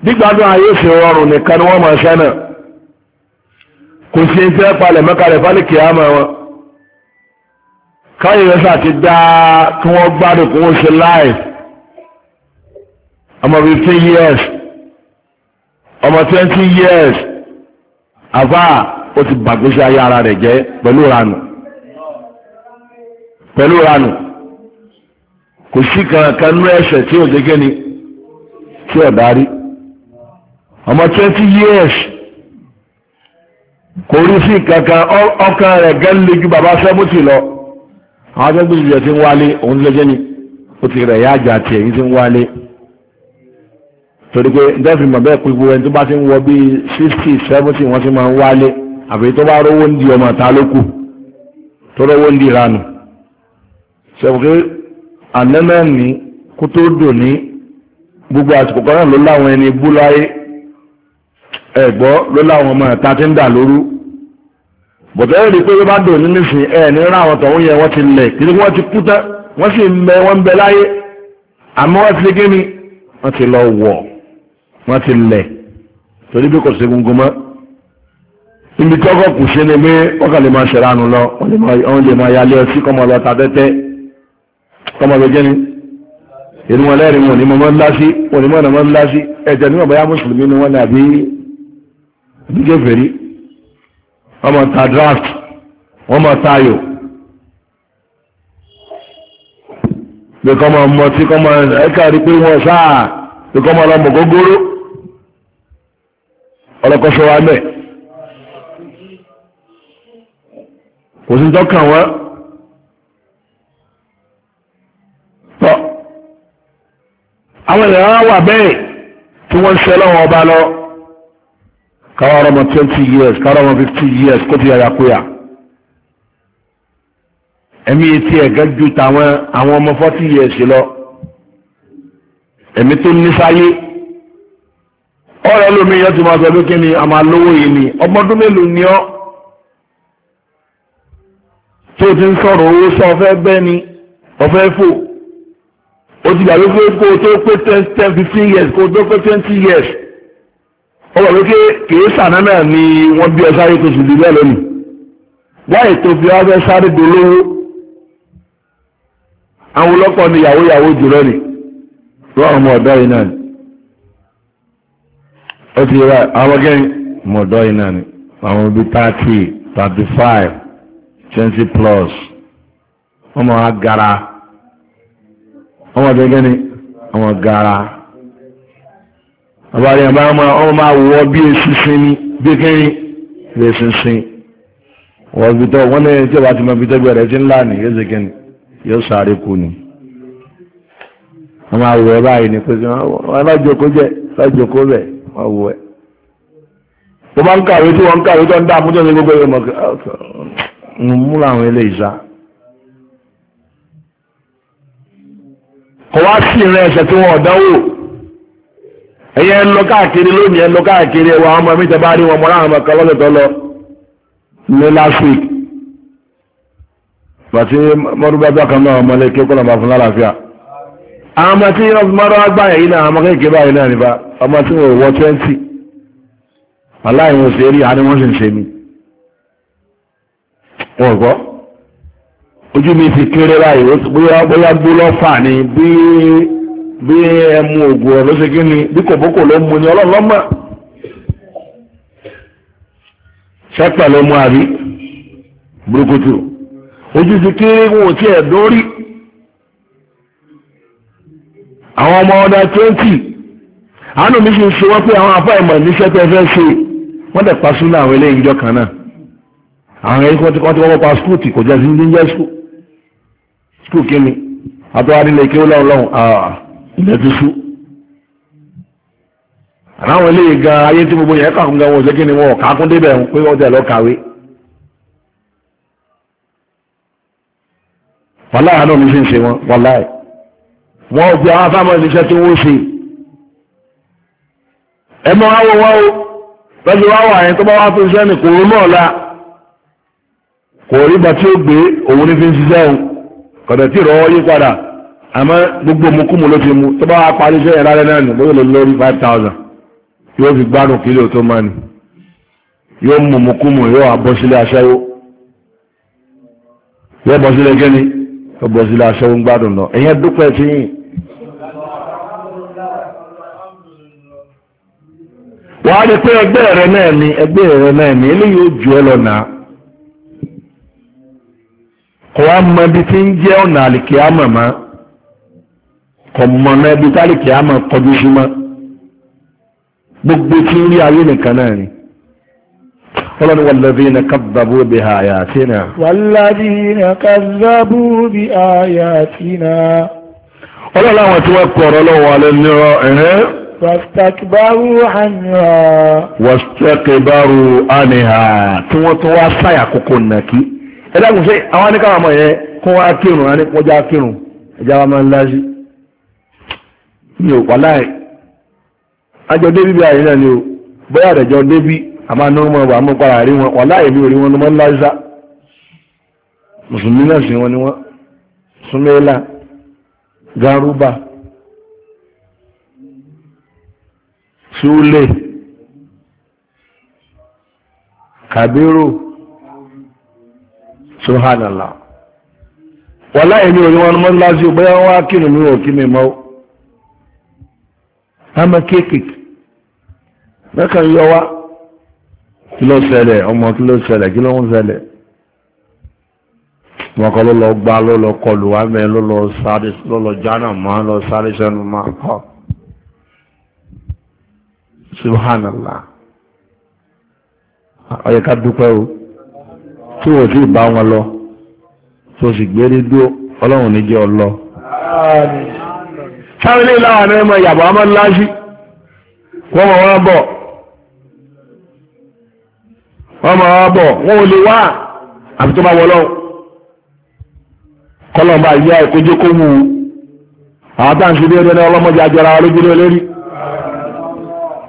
gbígbádùn ayé sì rọrùn nìkan ni wọ́n máa sẹ́nà kò sí ní tẹ́ palẹ̀ mẹ́kàlẹ̀ fálìkì àmọ́ wọn. káyọ̀ yẹn sàti dá kí wọ́n gbádùn kí wọ́n ṣe láì ọmọ fifteen years ọmọ twenty years àfáà ó ti bàgbéṣẹ́ ayé ara rẹ̀ jẹ́ pẹ̀lú ranù pẹ̀lú ranù kò sí kankan nú ẹ̀ṣẹ̀ tí ò gẹ́gẹ́ ni tí ò darí ọmọ twenty years kò rí sí kankan ọkàn rẹ̀ gẹ́lẹ́ lè ju bàbá sẹ́mùtì lọ àwọn akẹ́gbẹ́ ìjọ ti ń wálé òun lẹ́jẹ́ ni ó ti rẹ̀ yá àjà àti ti ń wálé torí pé dẹ́fìn mọ̀ bẹ́ẹ̀ pípọ̀ ẹni tó bá ti ń wọ bíi sixty seventy wọ́n ti máa ń wálé àbí tó bá rówó ń di ọmọ ta ló kù tó rówó ń di ìranù sẹ́wọ̀n ànẹ́nà ní kó tó dò ní gbogbo àsìkò kan náà ló láwọn ẹni bú láyé ẹ̀gbọ́ ló láwọn ọmọ ẹ̀ta tí ń dà lóru bọ̀tẹ́ ẹ̀rí pé bá dò ní nísìn ẹ̀ ní rá àwọn tọ̀hún yẹn wọ́n ti lẹ̀ kí ni wọ́n ti kú tán wọ́n sì mẹ wọ́n ń bẹ láyé àmọ́ wọ́n ti lé gíní wọ́n ti lọ wọ̀ wọ́n ti lẹ̀ torí bí kò sí gungun mọ́ ibi tí ọkọ̀ kù sí ni pé ọkàn lè máa ṣẹ̀ránu lọ wọ́n lè máa yálé ọtí kọ́mọ lọ tẹ́tẹ́ kọmọ bẹ jẹni inú wọn lẹ́rìn wọn ni mo mọ́ ńláṣí wọn ni mọ́ ọ̀nà mọ́ ńláṣí ẹ̀jẹ̀ ní ọ̀báyá mùsùlùmí ni wọ́n nàbí dígé fèrí wọ́n mọ̀ ta draft wọ́n mọ̀ ta ayò bí kọ́ mọ̀ mọ̀ tí pé wọ́n sáà bí kọ́ mọ̀ ọlọ́mọ gógóró wa mẹ́ kò sí tọ́kàn wọn. àwọn èèyàn wà bẹ́ẹ̀ tí wọ́n ń ṣe ọlọ́wọ́ ọba lọ káwọn ọmọ twenty years káwọn ọmọ fifty years kó ti yàrá kóyà ẹ̀mí etí ẹ̀gẹ́ ju tàwọn àwọn ọmọ forty years lọ ẹ̀mí tó ní sáyé ọ̀rọ̀ lómi yẹn ti máa sọ pé kí ni àmà lówó yìí ni ọmọdún mélòó ni ọ́ tó ti ń sọ̀rọ̀ owó sọ ọ̀fẹ́ bẹ́ẹ̀ ni ọ̀fẹ́ fò ó ti gbàgbé pé kó o tó pé ten ten fifteen years kó o tó pé twenty years ó gbàgbé pé kìí sànà náà ni wọ́n bí ẹ sáré tó sì di bẹ́ẹ̀ lónìí wáyé tó fi wá fẹ́ sáré dolówó àwọn ọlọ́pàá ni yàwó yàwó jùlọ ni wọ́n àwọn ọmọ ọ̀dọ́ yìí náà ni ó ti yẹ àwọn gẹ́gẹ́ ọmọ ọ̀dọ́ yìí náà ni àwọn bíi thirty thirty five twenty plus wọ́n máa gara ọmọ gẹ́gẹ́ ni ọmọ gara àbárí àbá ọmọ máa wọ bí eṣinṣin ni bí kẹrin bí eṣinṣin wọ́n bí tọ́ wọ́n lẹ́yìn tí ọba ti máa bí tọ́ bẹ̀rẹ̀ tí ńlá ni yóò ṣègẹ́ ni yóò sáré kú ni wọ́n máa wọ ẹ báyìí ni pé wọ́n lájòkó jẹ́ lájòkó bẹ̀ wọ́n wọ ẹ tó bá ń kò wá sí ìran ẹ̀ṣẹ̀ tí wọ́n ọ̀dánwò ẹ̀yẹ ń lọ káàkiri lónìí ẹ̀ ń lọ káàkiri ẹ̀wọ̀ àwọn ọmọ mi tẹ bá rí wọn mọ́ra àwọn ọmọ kan lọ́sẹ̀ tó lọ ní last week pàtí mọ́rúbájá kan náà ọmọ ilé kíkọ́ lọ́mọ fún lálàáfíà àwọn ọmọ tí mọ́rọ́ agbáyé yìí náà ọmọ kéèké báyìí náà nípa ọmọ tí wọ́n wọ́ twenty aláìwọ̀n ṣe rí àní wọ́n ń ṣe mí wọ́n gbọ́ ojú mi fi kéré láì bóyá bóyá gbó lọ́fà ni bí bí ẹmu ògùn ọ̀ ló ṣe kí ni bí kòbókò ló mu ni ọlọ́run lọ́mọ ṣẹ́pà ló mu àbí burúkutu ojú ti kéré wọn ò tiẹ̀ dórí àwọn ọmọ ọdá twenty àánú mi ṣe ń ṣe wọ́n pé àwọn afọ ìmọ̀ níṣẹ́ tẹ́ fẹ́ ṣe wọ́n dẹ̀ pa sínú àwọn eléyìí ìjọ kan náà àwọn ẹ̀yìn kan tí wọ́n pa skúùtì kò jẹ́ sí ní jẹ́ skúù skul kíni àtọ́wádìí lè kí ó lọ́wọ́ lọ́wọ́ ilẹ̀ ti sú àwọn ilé gan ayé tí gbogbo yẹn kàkún gan wọn ṣe kí ni wọn kà á kún débẹ̀ pé ọjà lọ kàwé wàláì àná mi ṣe ń ṣe wọn wàláì wọn ò bí àwọn afáàmọ́ ìníṣẹ́ tí wọ́n ṣe ẹ mọ àwọn wọn o lọ́jọ́ wá wà yẹn tó bá wá fún iṣẹ́ ní kòrónà ọ̀la kò bàtí ó gbé òun ní fi ń ṣiṣẹ́ òun kọ̀dọ̀ tí ìrọ̀wọ́ yí padà àmọ́ gbogbo mukumu ló fi mu tó bá wà parí iṣẹ́ ìrárẹ́ náà nì lórí lórí five thousand yóò fi gbádùn kílò tó máa nì yóò mú mukumu yóò abọ́ sílé aṣẹ́wó yóò bọ́ sílé kẹ́ni yóò bọ́ sílé aṣẹ́wó ń gbádùn lọ ẹ̀yẹn dúpẹ́ tí yìí. wàá rí pé ẹgbẹ́ rẹ náà ni ẹgbẹ́ rẹ náà ni eléyìí ó ju ẹ lọ náà. kò wá mọ tí ń jẹ́ ọ̀nà àlìkìámọ̀ mọ́ kò mọ̀ náà ibi tí àlìkìámọ̀ kọjú sí mọ́ gbogbo tí ń rí ayé nìkan náà ni bi ayatina. wàlladhina kadhabu bi ayatina. ọlọ́ni àwọn tí wọ́n kọ lọ́wọ́ alẹ́ nírọ̀ ẹ̀hẹ́. wàstakbaru ha wàstakbaru anha. tí wọ́n wá sáyà kókó nàkí. ẹ̀dàgùn ṣe àwọn anìkàwà mọ̀ yẹn kún wá kírun wọn ní pọ́já kírun ẹjá wa máa ń láṣí ní ò pàláì ajọ débí bí àyè ni o bóyá àdẹ̀jọ débí àmà ní wọn wà mú para rí wọn wàláì mi ò rí wọn ní wọn láṣá mùsùlùmí náà sì wọn ni wọn súnmẹ́lá garuba súlẹ̀ kàbírò subhanallah wàlá ẹni òní wọn mọ́ láti ọgbẹ́ wọn wá kírun ní òkí mi mọ́ ama kéékèèké mẹ́kàn yọ wá kí ló ṣẹlẹ̀ ọmọ kí ló ṣẹlẹ̀ kí ló ń ṣẹlẹ̀ wọn kọ́ ló lọ gbá ló lọ kọlù wá mẹ́ ló lọ sáré ló lọ jánà mọ́ lọ sáré sẹ́nu mọ́ kọ́ subhanallah ó yẹ ká dúpẹ́ o. tí wọ́n ti bá wọn lọ tó sì gbé dúró ọlọ́run ní jẹ́ ọlọ́ sáré láwọn ẹmọ ìyàbọ̀ a máa ń láṣí wọ́n mọ̀ wọ́n bọ̀ wọ́n mọ̀ wọ́n bọ̀ wọ́n ò lè wá tó bá wọ lọ́wọ́ kọ́lọ̀ bá àwọn táǹsì bí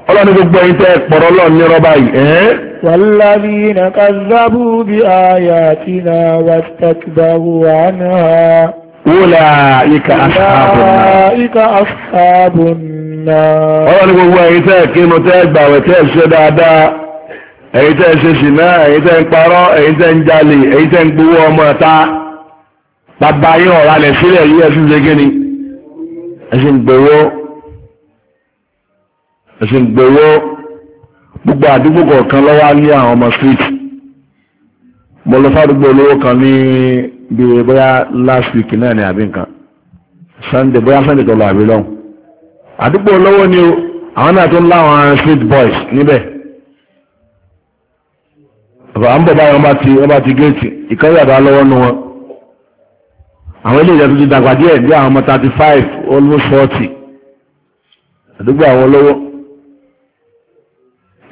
ọlọ́ni gbogbo ẹ̀yin tẹ́ pọ̀rọ̀ lọ ní ọ̀rọ̀ báyìí ẹ́. wàlladhīna kazzabū bi āyātinā wastakbarū ʿanhā. ulā'ika aṣḥābun nār. ọlọ́ni gbogbo ẹ̀yin tẹ́ kínú tẹ́ gbàwẹ̀ tẹ́ ṣe dáadáa ẹ̀yin tẹ́ ṣe ṣìnà ẹ̀yin tẹ́ ń parọ́ ẹ̀yin tẹ́ ń ẹ̀sìn gbèrò gbogbo àdúgbò kọ̀ọ̀kan lọ́wọ́ ní àwọn ọmọ street mo olówó kan ní bí bóyá last week náà ni àbí nǹkan sunday bóyá sunday tó lọ àbí àdúgbò olówó ni àwọn náà tó ń láwọn street boys níbẹ̀ ń bọ̀ wọ́n bá ti wọ́n bá ti géètì ìkọ́wé àbá lọ́wọ́ nu wọn àwọn ilé ti ọmọ thirty five almost forty àdúgbò àwọn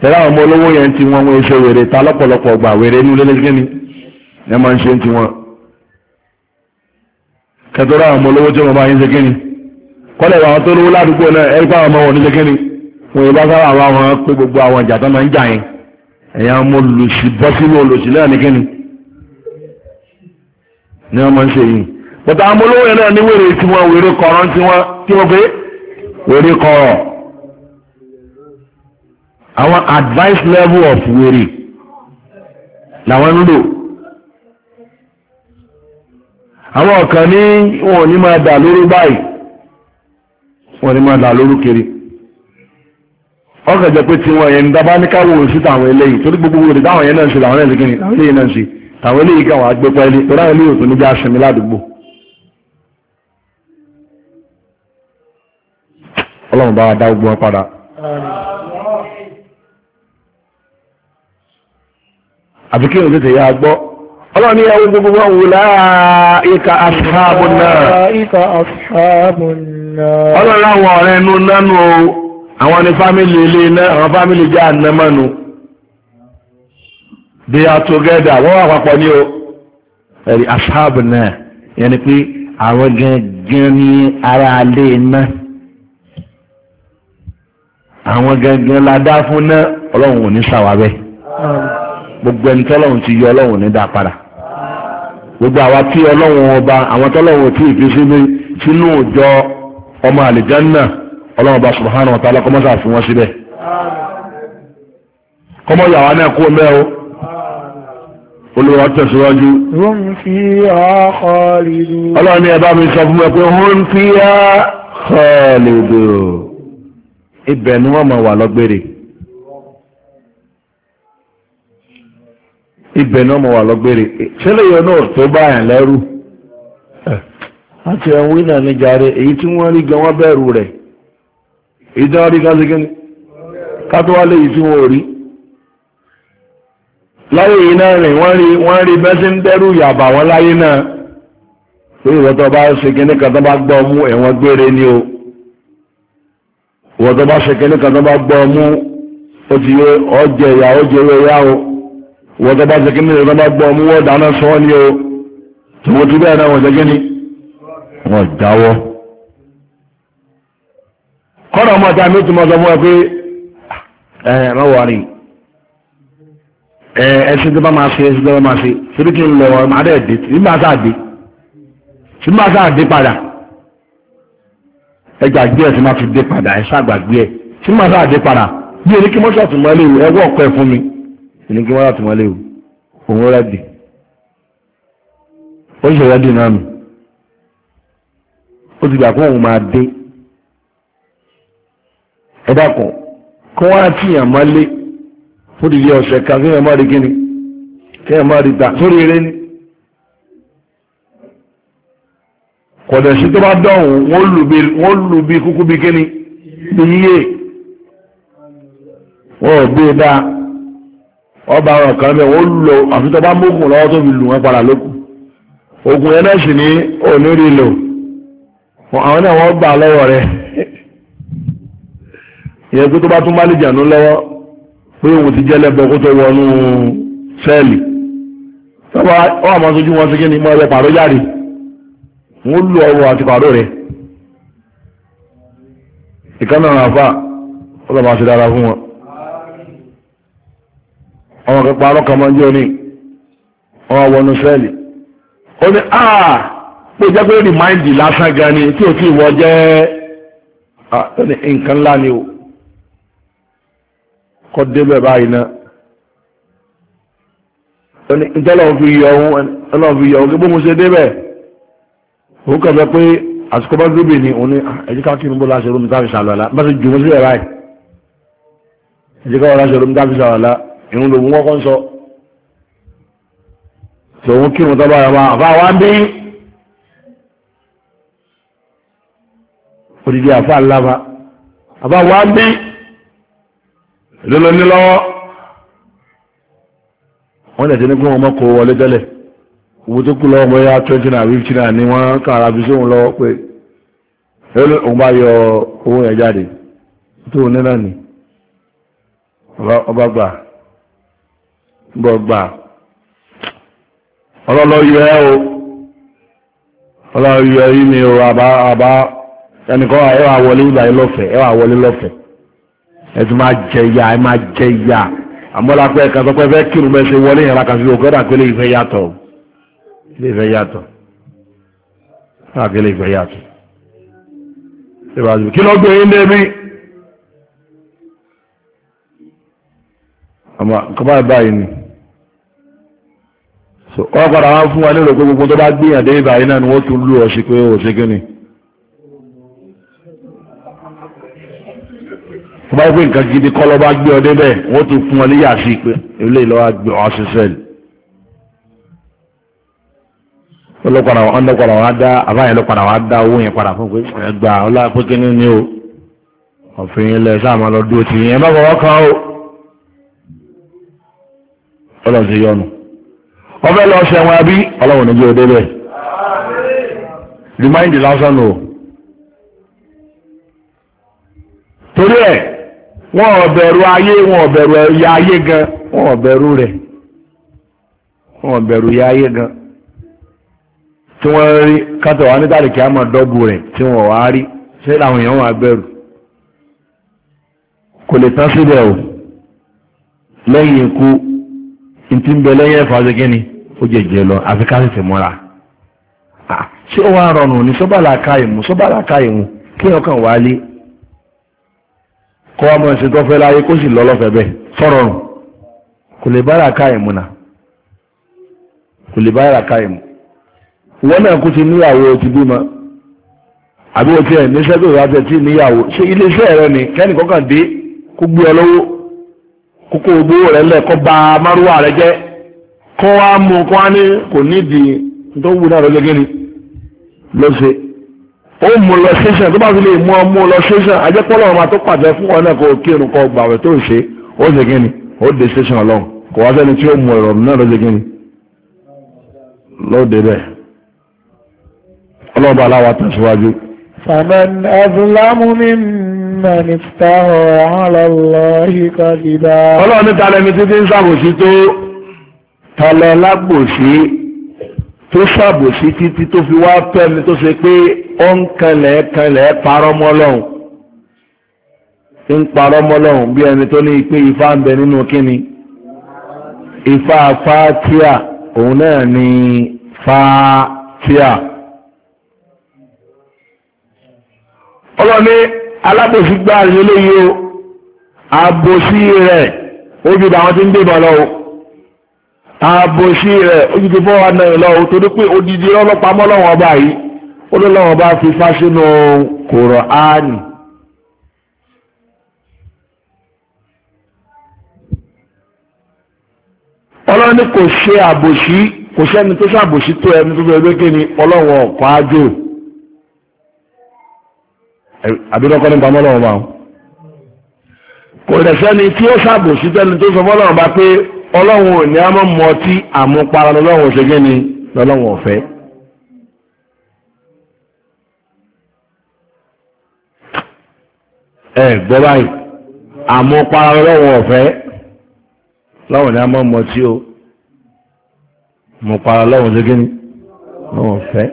tẹ̀lé àwọn ọmọ olówó yẹn ti wọn wọn ṣe wèrè ta lọ́pọ̀lọpọ̀ ọgbà wèrè inú lélẹ́gẹ́ ni ẹ máa ń ṣe ti wọn kẹtọ́rọ àwọn ọmọ olówó tí wọ́n bá yín ṣe kíni kọ́lẹ̀ àwọn tó lówó ládùúgbò náà ẹ gbá àwọn ọmọ wọn ní ṣe kíni wọn ìbá sára àwọn àwọn pé gbogbo àwọn ìjà tó máa ń jà yẹn ẹ̀yà ọmọ olùsí bọ́ sínú olùsí náà ní kíni ni wọ́n máa ń ṣe yìí bọ̀tà àwọn olówó yẹn náà ní wèrè tiwọn wèrè kọ̀ọ̀rọ̀ tiwọn kí wọ́n àwọn advice level of worry làwọn ń lò àwọn ọ̀kan ní wọn ni ní máa dà lóru báyìí wọn ni ní máa dà lóru kiri ọkàn jẹ pé tiwọn yẹn dábá ní káwọn òsì eléyìí torí gbogbo wòlé dáwọn yẹn náà ṣe làwọn kìíní eléyìí náà eléyìí agbẹ́pọ̀ torí àwọn eléyìí òtún níbi ládùúgbò. àbí kí òun tètè yá gbọ́ ọlọ́ni ẹwọ́n gbogbo wọn wò láàáìka aṣáàbùn náà ọlọ́run láwọn ọ̀rẹ́ inú nánú o àwọn ni fámìlì ilé iná àwọn fámìlì jẹ́ ànámánu they are together wọ́n wà papọ̀ ní o ẹ̀rí aṣáàbùn náà yẹn pé àwọn gangan ní ara alé iná àwọn fún náà ọlọ́run ò gbogbo ẹni tọ́lọ́run ti yọ ọlọ́run ní dáa padà gbogbo àwa tí ọlọ́run ọba àwọn tọ́lọ́run tí ìfi sínú ìjọ ọmọ àlìjánná ọlọ́run ọba subhanahu wa ta'ala kọ́mọ́sà fún wọn síbẹ̀ kọ́mọ́ yàrá náà kó mẹ́ o olùwà tẹ̀síwájú. ọlọ́run ni ẹ mi sọ fún mi pé wọ́n fi àkọọ́lìdù ibẹ̀ ni wọ́n máa wà lọ́gbẹ̀rẹ̀. ibẹ̀ náà mọ̀ wà lọ́gbẹ̀rẹ̀ ṣẹlẹ̀ yọ náà tó báyàn lẹ́rù láti ẹ̀wọ̀n wínà ní jàre èyí tí wọ́n rí gan wọ́n bẹ̀rù rẹ̀ èyí rí tí wọ́n rí láyé náà rìn wọ́n rí wọ́n rí bẹ́sí ń dẹ́rù yàbà wọn láyé náà pé bá ṣe tó bá gbọ́ mú ẹ̀wọ̀n o wọ́n tó bá jẹ́kí ní ìrọ̀lọ́ bá gbọ́ ọmú wọ́n dáná sọ ọ́ ní o tí wọ́n tún bẹ́ẹ̀ náà wọ́n jẹ́kí ní wọ́n jáwọ́ kọ́nà ọmọ ọ̀tá mi tún mọ́ sọ fún ẹ pé ẹ má ẹ ẹsẹ̀ tó bá máa ṣe ẹsẹ̀ tó bá máa ṣe síbi kí n lọ ọ máa dẹ̀ dé máa sáà dé síbi máa sáà dé padà ẹ gbàgbé ẹ sì máa fi dé padà ẹ sáà gbàgbé ẹ síbi máa sáà dé padà bí erékí mọ́ṣọ́ọ̀tì mọ́ ìní kí wọ́n láti mọ́lé o òun rẹ́dì ó ṣe rẹ́dì náà nù ó ti gbà kó òun máa dé ẹ dákun wọ́n á yàn mọ́lé ó ti yẹ ọ̀sẹ̀ kan kí yàn má rí kíni kí yàn má rí ta sórí eré ni kọ̀dẹ̀ sí tó bá dọ̀hùn wọ́n lù bí kúkú bí kíni bí yíyé wọ́n ò gbé e dáa ọba àwọn kan bẹ wọn lò àfi tó bá mókun lọ́wọ́ tó fi lù wọn padà lókun oògùn yẹn náà sì ní onírí lò àwọn náà wọn gbà lọ́wọ́ rẹ̀ ìyẹn pé tó bá tún bá lè jànú lọ́wọ́ pé òun ti jẹ lẹbọ kó tó wọnú sẹ́ẹ̀lì tọba ọ àmọ́ sojú wọn sí kí ni mo ẹbẹ pàrọ jáde wọn lù ọwọ́ àti pàrọ rẹ̀ ìkànnà àfa ó lọ máa ṣe dára fún wọn àwọn akẹ́kọ̀ọ́ alọ́kàmọ́ jẹ́ òní ọwọ́ wọnú sẹ́ẹ̀lì ó ní à ah, pé jẹ́ pé rìmáìndì lásán gan ni tí ò tí ìwọ jẹ́ ah, nǹkan ńlá ni o kọ́ débẹ̀ báyìí náà ó ní ìtọ́lọ́wọ́ fi yọ ohun ọlọ́wọ́ fi yọ ohun kí bó mo ṣe débẹ̀ òun kàn fẹ́ pé àsìkò bá dúbì ní òun ní ah, ẹ̀jíká kí ní bó láṣẹ rómi táfi sàlọ́lá bá ti jù mọ́ sí ẹ̀ráì ẹ̀jíká wọ́n láṣẹ rómi táfi sàlọ́lá ìrún lòun wọ́n kọ́ ń sọ tòun kírun tọ́ bá yọ máa àfa wa ń bí odidi àfa ńláfa àfa wa ń bí lọ́lọ́ ní lọ́wọ́ wọ́n lẹ̀ tí ní kí wọ́n mọ́ kó wọlé tẹ́lẹ̀ owó tó kú lọ́wọ́ bóyá twenty ni wọ́n kàrà fi sóhun lọ́wọ́ pé òun bá yọ owó yẹn jáde tó ní náà ni ọba gbà. gbọ̀gbà ọlọ́lọ́yọ ẹ́ o ọlọ́yọ ni o àbá àbá ẹnìkan ẹ wọlé ìgbà lọ́fẹ̀ẹ́ ẹ wọlé lọ́fẹ̀ẹ́ ẹ ti máa jẹ ìyá ẹ máa jẹ ìyá àmọ́lápẹ́ ẹ̀ka fẹ́ kírun bẹ́ẹ̀ wọlé ìyàrá sí òkè lè fẹ́ yàtọ̀ lè fẹ́ yàtọ̀ kí ló gbé yín débi ni. wọ́n padà fún wa ní gbogbo tó bá gbìyànjú ibà náà ni wọ́n tún lù ọ́ pé ó ṣe bá yẹ nǹkan gidi kọ́ bá gbé ọ débẹ̀ wọ́n tún fún ọ níyà sí pé eléyìí lọ́wọ́ gbé ọ ṣiṣẹ́ ni. ọlọ́padà wọn dá àbáyẹn lọ́padà wọn dá owó yẹn padà fún pé ẹgbà ni o ilẹ̀ sáàmà ọbẹ̀ lọ ṣẹ̀wọ̀n àbí ọlọ́run níjẹ́ òde bẹ́ẹ̀ rìmáìndì lásán o torí ẹ̀ wọn ọ̀bẹ̀rù ayé wọn ọ̀bẹ̀rù ya ayé gan wọn ọ̀bẹ̀rù rẹ̀ wọn ò ya ayé gan tí wọ́n rí kátọ̀ wá nítorí kí a máa dọ́gbù rẹ̀ tí wọ́n wá rí ṣé làwọn èèyàn wà bẹ̀rù kò lè tán síbẹ̀ o lẹ́yìn ikú ntí ń bẹ lẹ́yìn ẹ̀fọ́ àti ó jẹjẹ lọ àfi ká tètè mọ́ra ṣé ó wá rọrùn ní sọ́bàlà káyìmù sọ́bàlà káyìmù kí ọkàn wálé kọ́ ọmọ ẹ̀sìn tó fẹ́ láyé kó sì lọ lọ́fẹ̀ẹ́ bẹ́ẹ̀ sọ́rọ̀rùn kò lè bára káyìmù náà kò lè bára káyìmù wọ́n náà kú ti níyàwó ti bímọ àbí o tiẹ̀ níṣẹ́ tó yàtọ̀ tí níyàwó ṣe iléeṣẹ́ rẹ ni kẹ́ni kọ́kàn dé kó gbé ọ lọ́wọ́ kókó gbówó rẹ lẹ̀ kó bà márùwà rẹ jẹ́ kọ́ wa mú kọ́ ní kò nídìí tó wù náà lọ́jọ́ gẹ́ni lọ́sẹ̀ ó mú lọ ṣẹ́ṣẹ́ tó bá fi lè mú ọ mú lọ ṣẹ́ṣẹ́ ajẹ́pọ́lọ́ ọmọ tó pàdé fún ọ náà kò kírun kọ gbàwẹ̀ tó ṣe ó ṣe gẹ́ni ó dé ṣẹ́ṣẹ́ ọlọ́run kò wá sẹ́ni tí ó mú ọ̀rọ̀ náà lọ́jọ́ gẹ́ni lọ́dẹ bẹ́ẹ̀ ọlọ́ba aláwa tẹ̀síwájú. فمن أظلم ممن افترى على الله كذبا. ọlọ́run ní ta lẹni títí talẹ̀ lábòsí tó ṣàbòsí títí tó fi wá fẹ́mi tó ṣe pé ó ń kanlẹ̀ kanlẹ̀ parọ́ mọ́ Ọlọ́hun ń parọ́ mọ́ Ọlọ́hun bí ẹni tó ní pé ifá ń bẹ nínú kíni ifá fátíà òun náà ni fátíà ọlọ́ni alábòsí gbáà ní eléyìí o àbòsí rẹ̀ ó ju àwọn tí ń gbébọn lọ́wọ́ àbòsí rẹ̀ ojú ti fọ́wọ́ náà yìí lọ́wọ́ torí pé odidi ọlọ́pàá lọ́wọ́ ọba yìí ó ló lọ́wọ́ ọba fi fá sínú Kùránì. ọlọ́ni kò ṣe àbòsí kò sẹ́ni tó ṣàbòsí tó ẹni tó fẹ́ lókè ni ọlọ́wọ́ ọ̀kọ́ ájò àbídọ́kọ́ nípa mọ́lọ́wọ́ bá wọn kò dẹ̀ sẹ́ni tí ó ṣàbòsí tẹ́ni tó sọ mọ́lọ́wọ́ bá pé ọlọ́run ò ní a mọ́ mọ́ tí àmúpara lọ́lọ́run ṣe gẹ́ ni lọ́lọ́run ọ̀fẹ́ ẹ gbọ́ báyìí àmúpara lọ́lọ́run ọ̀fẹ́ lọ́run ní a mọ́ mọ́ tí o àmúpara lọ́run ṣe gẹ́ ni lọ́run ọ̀fẹ́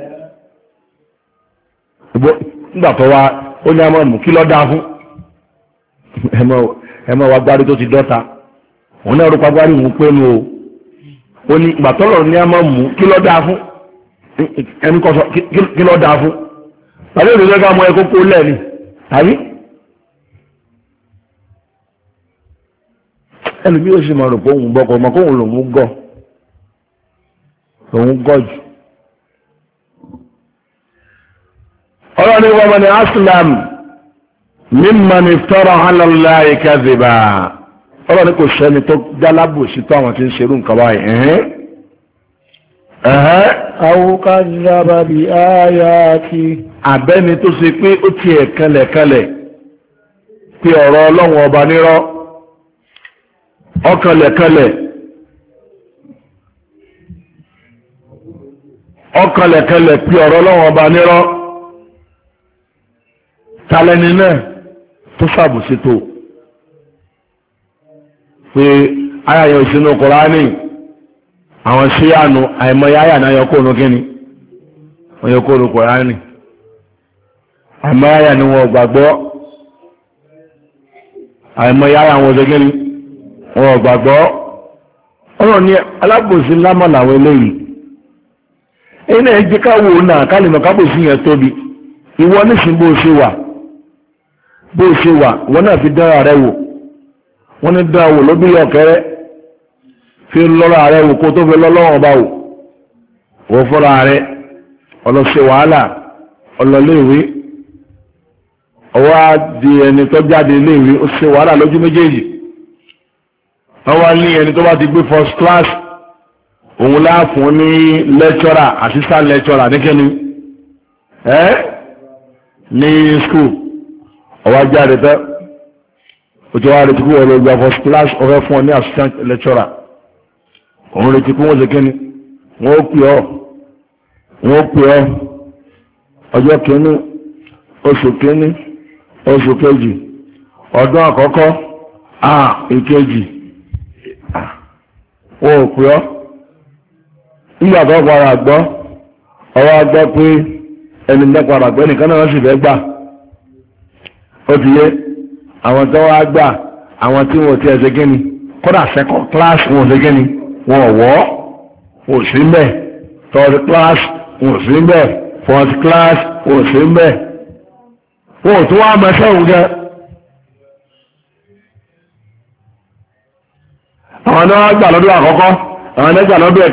nígbà tó wá ó ní a mọ́ mú kí lọ́ fún ẹ wa gbárí tó ti dọ́ta òun náà rúpa gbárí òun pé ni o ó ní gbàtọ́lọ̀ ní a máa mú kí ló dáa fún ẹni kọ́ sọ kí ló dáa fún tàbí òṣèlú ká mọ ẹkọ́ kó lẹ́ẹ̀ni tàbí ẹlòmí ó sì máa rò pé òun gbọ́ ọmọ kóun lòun gọ́ òun gọ́ jù ọlọ́ni wọ́n mọ̀ ní aslam mímọ̀ ní tọ́rọ̀ hàn lọ́la ìkẹ́zìbà. ọlọ́run kò sẹ́ni tó jálábòsí tó àwọn tí ń serú nǹkan báyìí ẹ̀hẹ́n ẹ̀hẹ́n. àwòká dábà bí àyà àbẹ́ni tó ṣe pé ó ti ẹ̀ ọ̀rọ̀ ọlọ́run ọba nírọ́ ọkànlẹ̀kanlẹ̀ pé ọ̀rọ̀ ọlọ́run ọba nírọ́ talẹ́ni náà tó pé ayàyẹ òsínú kùránì àwọn síyànù àìmọye ayànà ayọkóònù kíni ayọkóònù kùránì àìmọye ni wọn gbàgbọ́ àìmọye ayànà kíni gbàgbọ́ ọ̀rọ̀ ni alábòsí lámà eléyìí ẹni ẹgbẹ́ káwò náà kálìmọ̀ kábòsí yẹn tóbi ìwọ nísìnyí bó ṣe wà bó ṣe wà náà fi dára wọ́n ní dán wò lóbi ọ̀kẹ́rẹ́ fi lọ́rọ̀ ààrẹ wò kó tó fi lọ́lọ́wọ́ bá wò wò fọ́rọ̀ ààrẹ ọlọ́sẹ̀ wàhálà ọlọ́léèwé ọwọ́ di ẹni tó jáde léèwé ó ṣe wàhálà lójú méjèèjì ní ẹni tó bá ti gbé first class òun láàfún ní assistant ẹ́ ní school ọwọ́ jáde òjò wa retí pé wọ́n lọ gba first class ọ̀fẹ́ fún ọ ní assistant lecturer òun retí pé wọ́n ṣe kíni wọ́n pè ọ́ wọ́n pè ọ́ ọjọ́ kìíní oṣù kìíní oṣù kejì ọdún àkọ́kọ́ à ìkejì wọ́n ò pè ọ́ nígbà tó padà gbọ́ ọwọ́ agbọ́ pé ẹni mẹ́padà gbẹ́ nìkan náà sì fẹ́ gbà ó ti yé. àwọn tó wá gbà àwọn tí wọ́n ti ẹ̀ṣẹ́ gẹ́ni kódà second class wọ́n ṣe gẹ́ni wọ́n wọ́ ò sí third class wọ́n sí fourth class wọ́n sí wọ́n tó wá mẹ́sẹ̀ òun gẹ́ àwọn gbà lọ́dún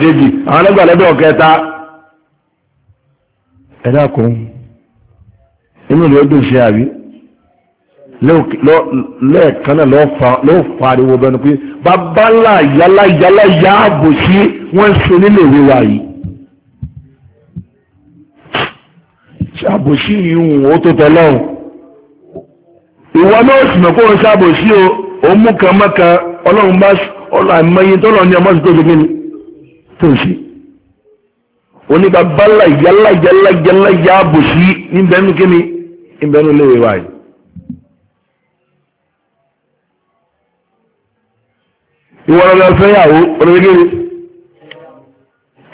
àkọ́kọ́ lẹ́ẹ̀kan náà lọ́ọ́ fariwo bẹnu pé bàbá ńlá yálà sí wọ́n ń nílé ìwé wa yìí. ìhùn ó tó ìwọ náà sì o o mú kan ọlọ́run bá tọ́lọ́ ní tó tó sí kí ni ìwọ ọlọ́lọ́ fẹ́yàwó olóríkèrè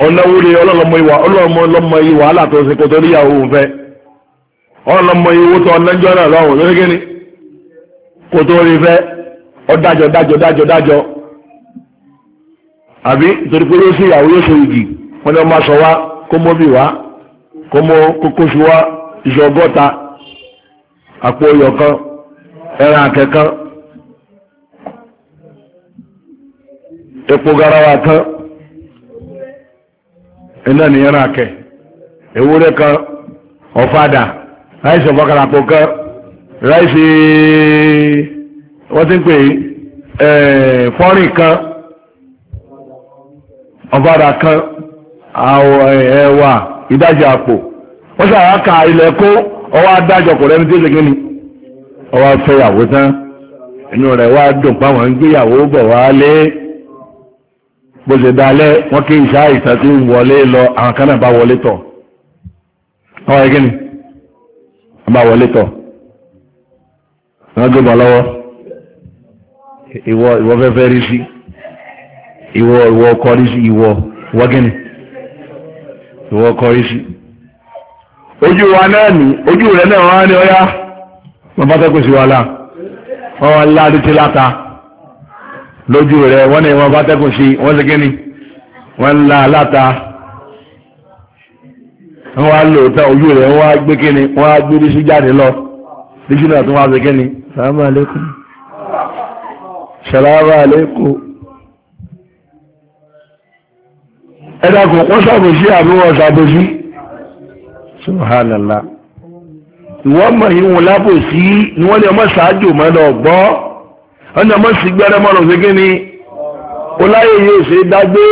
ọlọ́wúre ọlọ́lọ́mọ ìwà ọlọ́mọ ọlọ́mọ ìwà alátọ́sí kò tó níyàwó fẹ́ ọlọ́mọ ìwó tó ọlọ́jọ́ náà lọ́wọ́ kò tó rí fẹ́ àbí torí pé ìyàwó yóò ṣe ìgì wọn ni wọn máa sọ wá kó mọ wá kó mọ kókó sí wá àpò kan epo garawa tán iná nìyẹn náà kẹ ewúrẹ́ kan ọ̀fadà ráìsì ọ̀fọ̀kàràpọ̀ kan ráìsì wọ́n ti kan ofada kan ẹ̀wà ìdajì àpò wọ́n ṣàwọn ka ilẹ̀ kó ọwọ́ adájọ́ kò lẹ́nu tí ó ni ọwọ́ fẹ́yàwó tán inú rẹ̀ wá dùn pàwọn ń gbéyàwó bọ̀ wá lé. bó ṣe dalẹ́ wọ́n kí ìṣá ìtàn tí ń wọlé lọ àwọn kan náà bá wọlé tọ̀ ọ̀ ẹ̀gẹ́ ni wọ́n bá wọlé tọ̀ wọ́n gbé bọ̀ lọ́wọ́ ìwọ ìwọ fẹ́fẹ́ rí sí ìwọ ìwọ ọkọ rí sí ìwọ wọ́gẹ́ni ìwọ ọkọ rí sí ojú wa náà ni ojú rẹ̀ náà wọ́n á ní ọyá bàbá tó kù sí wa lá wọ́n wá ńlá adé lójú rẹ̀ wọ́n ní wọ́n bá tẹ́kùn sí wọ́n sí gíní wọ́n ń la aláta wọ́n wá lò tán ojú rẹ̀ wọ́n wá gbé kíní wọ́n wá gbé díṣú jáde lọ díṣú náà tún wá sí gíní salamu alaikum salamu ẹ̀dàkùn wọ́n sàbòsí àbí wọ́n sàbòsí subhanallah ìwọ́n mọ̀ yíwọ̀n lábòsí ni wọ́n ní ọmọ sàájò mọ́ ọ̀nà mọ́ sí gbẹ́rẹ́ mọ́nà sí kí ni ọláyé yóò ṣe dágbé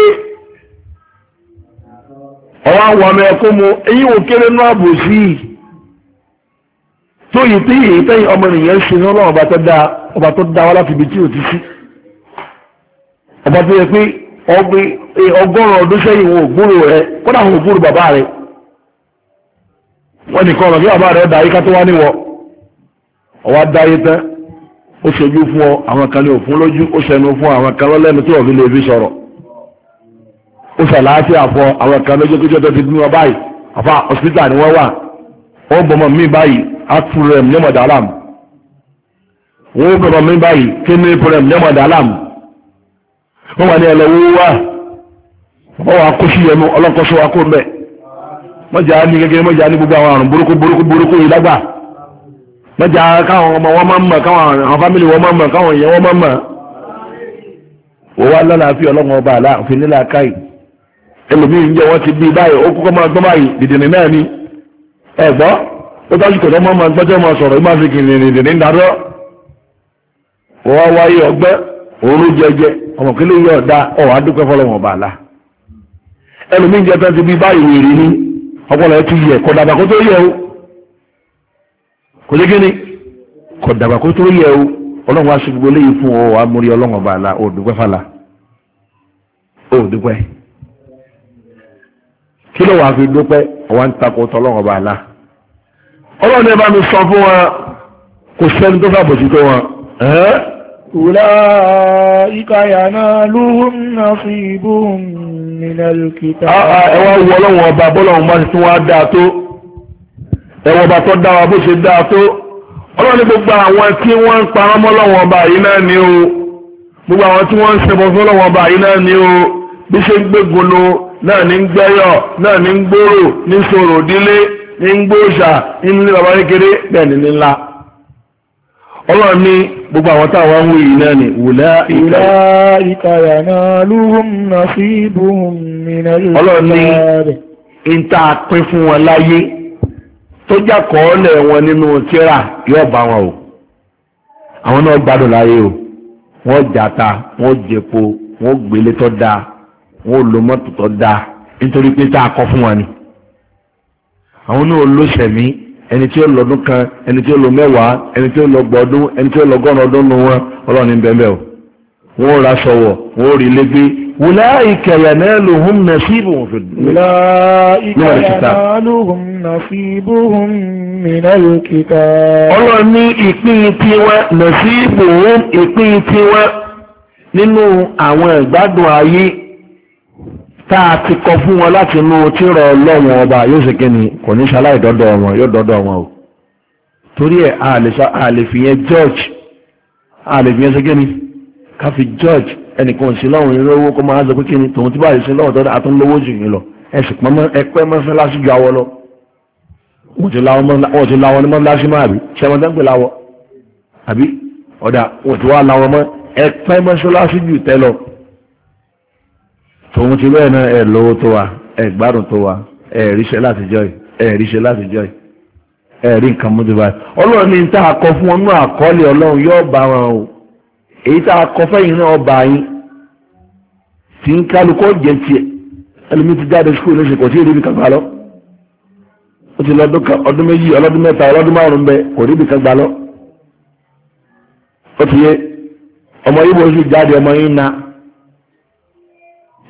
ọwọ́ àwọn ọmọ ẹ̀kọ́ mu èyí wò kéré náà bò sí i tó yìí tí yìí tẹ́yìn ọmọ nìyẹn ṣe ní ọlọ́run ọba tó dá ọba láti ibi tí ò ti sí ọba tó yẹ pé ọgọ́rùn-ún ọdún sẹ́yìn wọn ò gbúrò rẹ kódà wọn ò gbúrò bàbá rẹ wọ́n nìkan ọ̀nà kí bàbá rẹ dá ayé ká tó wá níwọ̀ ọwọ́ dá ayé tán ó ṣojú fún ọ àwọn kan ní òfun lójú ó ṣẹnu fún àwọn kan lọ́lẹ́nu tí wọ́n fi lè fi sọ̀rọ̀ ó ṣàlàáfíà fún àwọn kan lójú kíjọ́ tó ti bí wọn báyìí àfa hospital ni wọ́n wà ó bọ̀mọ̀ mí báyìí atrem ní mọ̀dà ó bọ̀mọ̀ mí báyìí kíní prem ní mọ̀dà wọ́n wà ní ẹlẹ́wọ́ wá wọ́n wà kó sí ọlọ́kọ́sọ́ wa kó gbogbo àwọn àrùn burúkú burúkú mẹ́jà káwọn ọmọ wọn máa ń mọ̀ káwọn àwọn fámílì wọn máa ń mọ̀ káwọn èèyàn wọn máa ń mọ̀ wọ́n wá lọ́la fi ọlọ́run ọba àlá òfin nílà káì ẹlòmíín jẹ́ wọ́n ti bí báyìí ó kúkọ́ máa gbọ́ báyìí dìdìrín náà ni ẹ gbọ́ ó dájú kò tó máa máa gbọ́ tó máa sọ̀rọ̀ máa fi kìnìún dìdìrín dárọ́ wọ́n wá wáyé ọgbẹ́ òórùn jẹjẹ ọmọ kí ló yọ ọ̀dà ọ̀hún adúpẹ́ fọlọ́run ọba àlá ẹlòmíín jẹ́ tó ti bí báyìí wèrè ni ọpọlọ ẹ ti yẹ kọ kò lé gíní kò dàgbà kó tó yẹ o ọlọ́run wá sí gbogbo léyìí fún ọ wàá múrí ọlọ́run ọba àlà ò dúpẹ́ fàlà ò dúpẹ́ kí ló wàá fi dúpẹ́ ọwọ́ ń takò tọ́ ọlọ́run ọba àlà ọlọ́run ẹ bá mi sọ fún wọn kò sẹ́ni tó fàbòsí tó wọn. أولئك ينالهم نصيبهم من الكتاب. Ẹ wá wọ ọlọ́run ọba bọ́lọ́run máa ti tún wá dáa tó ẹ̀wọ̀n bá tó dáwà bó ṣe dáa tó ọlọ́run ní gbogbo àwọn tí wọ́n ń parọ́ mọ́ lọ́wọ́ ọba yìí náà ni o gbogbo àwọn tí wọ́n ń ṣẹbọ fún lọ́wọ́ ọba yìí náà ni o bí ṣe ń gbégunlo náà ní ń gbẹ́yọ̀ náà ní ń gbòòrò ní sòrò dílé ní ń gbòòṣà ní bàbá kékeré bẹ́ẹ̀ ní ńlá ọlọ́run ní gbogbo àwọn táwọn ń wí yìí náà ni wùlá ìkà náà ọlọ́run ní ń pín fún wọn láyé tó jàkọọ́lẹ̀ wọn nínú tíra yóò bá wọn o àwọn náà gbádùn láyé o wọ́n jàta wọ́n jẹpo wọ́n gbélé tó dáa wọ́n lo mọ́tò tó dáa nítorí pé tá a kọ́ fún wọn ni àwọn náà lóṣẹ̀mí ẹni tí ó lọ́dún kan ẹni tí ó lọ mẹ́wàá ẹni tí ó lọ gbọ́dún ẹni tí ó lọ gọ́nà ọdún nu wọn ọlọ́run ní bẹ́ẹ̀ o wọ́n ra sọ̀wọ̀ wọ́n rí lẹ́gbẹ́ أولئك ينالهم نصيبهم في من الكتاب ينالهم نصيبهم من الكتاب ọlọ́run ní ìpín tiwa nasibuhum ìpín tiwa nínú àwọn ìgbádùn ayé tá a ti kọ fún wọn láti inú tírà ọlọ́run ọba yóò ṣe kí ni kò ní ṣaláì dọ́dọ̀ wọn yóò dọ́dọ̀ o torí ẹ̀ a lè fi yẹn george a lè fi yẹn ṣe kí ni fi george ẹnìkan ò sí lọ́wọ́ eré owó kó máa zọ pé kí ni tòun ti báyìí sí lọ́wọ́ tọ́lá àtún lówó jù yín lọ ẹ̀sìn pọ́n ẹ̀pẹ́ mọ́sálásí ju awọ lọ wọ́n ti láwọn ní mọ́sálásí máa bí sẹ́wọ́n tẹ́ ń pè láwọ àbí ọ̀dà wọ́n ti wá láwọn mọ́ ẹ̀pẹ́ mọ́sálásí ju tẹ́ lọ tòun ti bẹ́ẹ̀ náà ẹ̀ lówó tó wa ẹ̀ gbádùn tó wa ẹ̀ ríṣẹ́ láti jọ́ ẹ̀ ríṣẹ́ láti èyí tá a kọ fẹ́yìn náà ọba yín tí ń kálukọ́ jẹ́ tiẹ̀ ẹlòmíì ti jáde sukùl ní ṣèkò tí èdè ibi kan gbà lọ ó ti lọ ọdún méjì ọlọ́dún mẹ́ta ọlọ́dún márùn-ún bẹ kò rí ibi kan gbà lọ ó ti yé ọmọ ibo sì jáde ọmọ yín na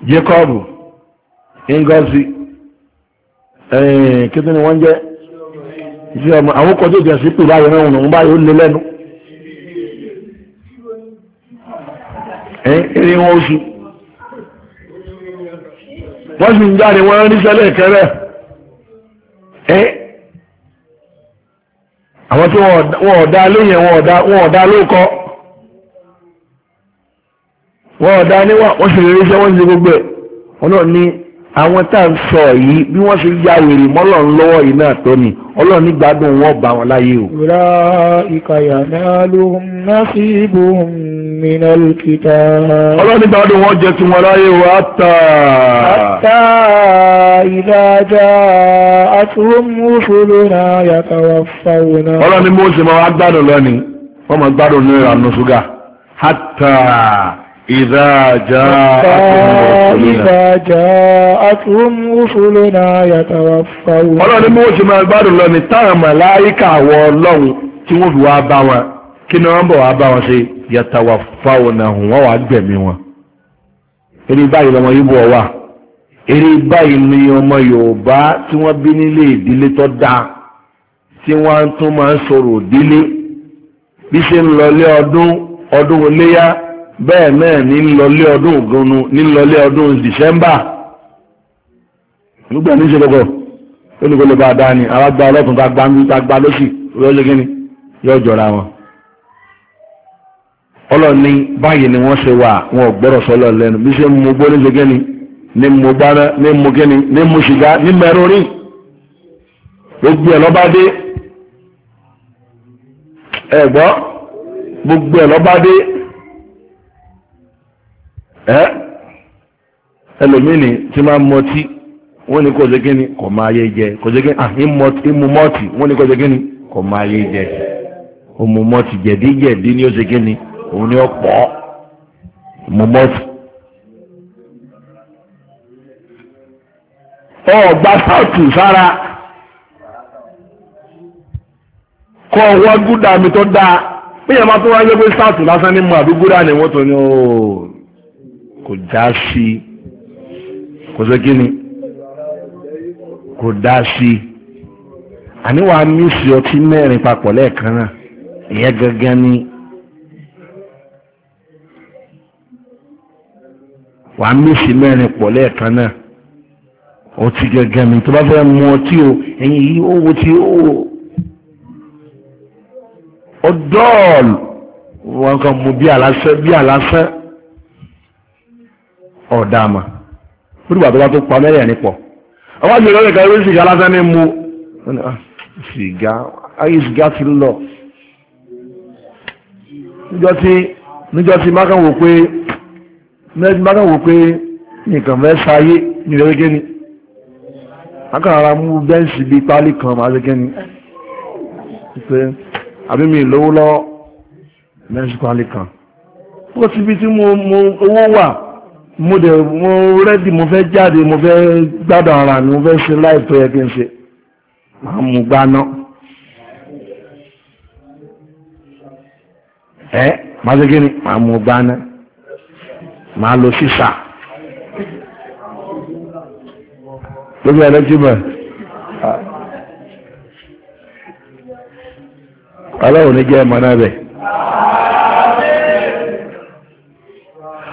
Jacob Ngozi eh, kíntìn ni wọ́n jẹ́ àwọn kọjú ìjọsìn pè báyìí náà wọn báyìí ó lé lẹ́nu. eré wọn oṣù wọ́n sì ń jáde wọ́n rí sẹ́lẹ̀ kẹrẹ àwọn tí wọ́n ọ̀dá lóyìn wọ́n ọ̀dá lóòkọ wọ́n ọ̀dá níwà wọ́n sì rí iṣẹ́ wọ́n gbogbo ẹ̀ wọ́n náà àwọn tá à ń sọ yìí bí wọ́n ṣe ya wèrè mọ́lọ́run lọ́wọ́ yìí náà tó ni ọlọ́run nígbàdùn wọn bá wọn láyé o. ra ìkàyà náà ló ń ná sí ibò mìíràn kíta. ọlọ́run nígbàdùn wọn jẹ tiwọn láyé o àtà. àtà ìdájà àtúrọ̀mùsọ̀lọ́ náà yàtọ̀ wà fáwọn náà. ọlọ́run mo ṣe máa gbádùn lónìí wọ́n máa gbádùn ní ìrànú ṣúgà. àtà ìdájà àtúrọ̀mùsọ̀lọ́ náà. جاءتهم رسلنا يتوفون ọlọ́run mú oṣù máa gbádùn lọ ní táwọn màláíkà wọ ọlọ́run tí wọ́n fi wá bá wọn kí ni wọ́n bọ̀ wá bá wọn ṣe yatawaffawna wọ́n wá gbẹ̀mí wọn. eré báyìí lọmọ yìí bọ̀ wá eré báyìí ni ọmọ yorùbá tí wọ́n bí nílé ìdílé tó dáa tí wọ́n tún máa ń sọ̀rọ̀ ìdílé bí ṣe ń lọlé ọdún ọdún iléyá bẹ́ẹ̀ náà ní lọlé ọdún ògùnnù ní lọlé ọdún dìsẹ́mbà nígbà ní ṣe lọ́gọ̀ olùgbòlò bá dá ní alágbá ọlọ́tún tá gbá tá gbá lóṣì lọ́jọ́ gíní yóò jọra wọn ọlọ́ni báyìí ni wọ́n ṣe wà wọn gbọ́rọ̀ sọ́lọ́ lẹ́nu bí ṣe mú gbó níṣe gíní ní mú gbára ní mú gíní ní mú ṣìgá ní mẹ́rún rí gbogbo ẹ̀ lọ́ba dé ẹ̀ gbọ́ gbogbo ẹ̀ lọ́ba dé ẹ̀ ẹlòmíì ni tí máa ń mọtí wọ́n ní kò ṣe kíni kò máa yé jẹ kò ṣe kíni ìmú ah, mọ́ọ̀tì wọ́n ní kò ṣe kíni kò máa yé jẹ ìmú mọ́ọ̀tì jẹ̀díjẹ̀dí ni ó ṣe kíni òun ni ó pọ̀ ìmú mọ́ọ̀tì. ọ̀gbà sáùtù sára kọ́ ọwọ́ gúdà mi tó dáa bí yẹn máa tó wáyé pé sáùtù lásán ní mọ àbí gúdà ni wọ́n tó ní kò já sí kò ṣe kíni kò dá sí i àníwá mísì ọtí mẹ́rin papọ̀ lẹ́ẹ̀kan náà ìyẹn gangan ni wà á mísì mẹ́rin pọ̀ lẹ́ẹ̀kan náà ọtí gangan ni tó bá fẹ́ mu ọtí o ẹ̀yìn yìí ó wo ti ó wò ó dọ́ọ̀lù wọn kan mu bí àlásán bí àlásán ọ̀dàmà ó dìgbà tó bá tó pa mẹ́rẹ̀ẹ́rin pọ̀ àwọn àjò ìrọ̀lẹ́ kan ìwé sìgá lásán ní mu ah, sìgá ayé sìgá ti lọ níjọ́ tí níjọ́ tí bákan wò pé níjọ́ tí bákan wò pé nìkan fẹ́ sáyé ní ìrẹ́gẹ́ ni akàrà mú bẹ́ǹsì bíi pálí kan máa rẹ́gẹ́ ni pé àbí mi lówó lọ́wọ́ bẹ́ǹsì pálí kan ó ti bí tí mo owó wà mo dẹ̀ mo rẹ́dì mo fẹ́ jáde mo fẹ́ gbádùn ara mi mo fẹ́ ṣe láìpẹ́ yẹ kí n ṣe máa mú gbaná ẹ máa ṣe kíni máa mú gbaná máa lo sísà lórí ẹlẹ́jìmọ̀ ọlọ́run ní jẹ́ ẹ̀mọ́ náà bẹ̀.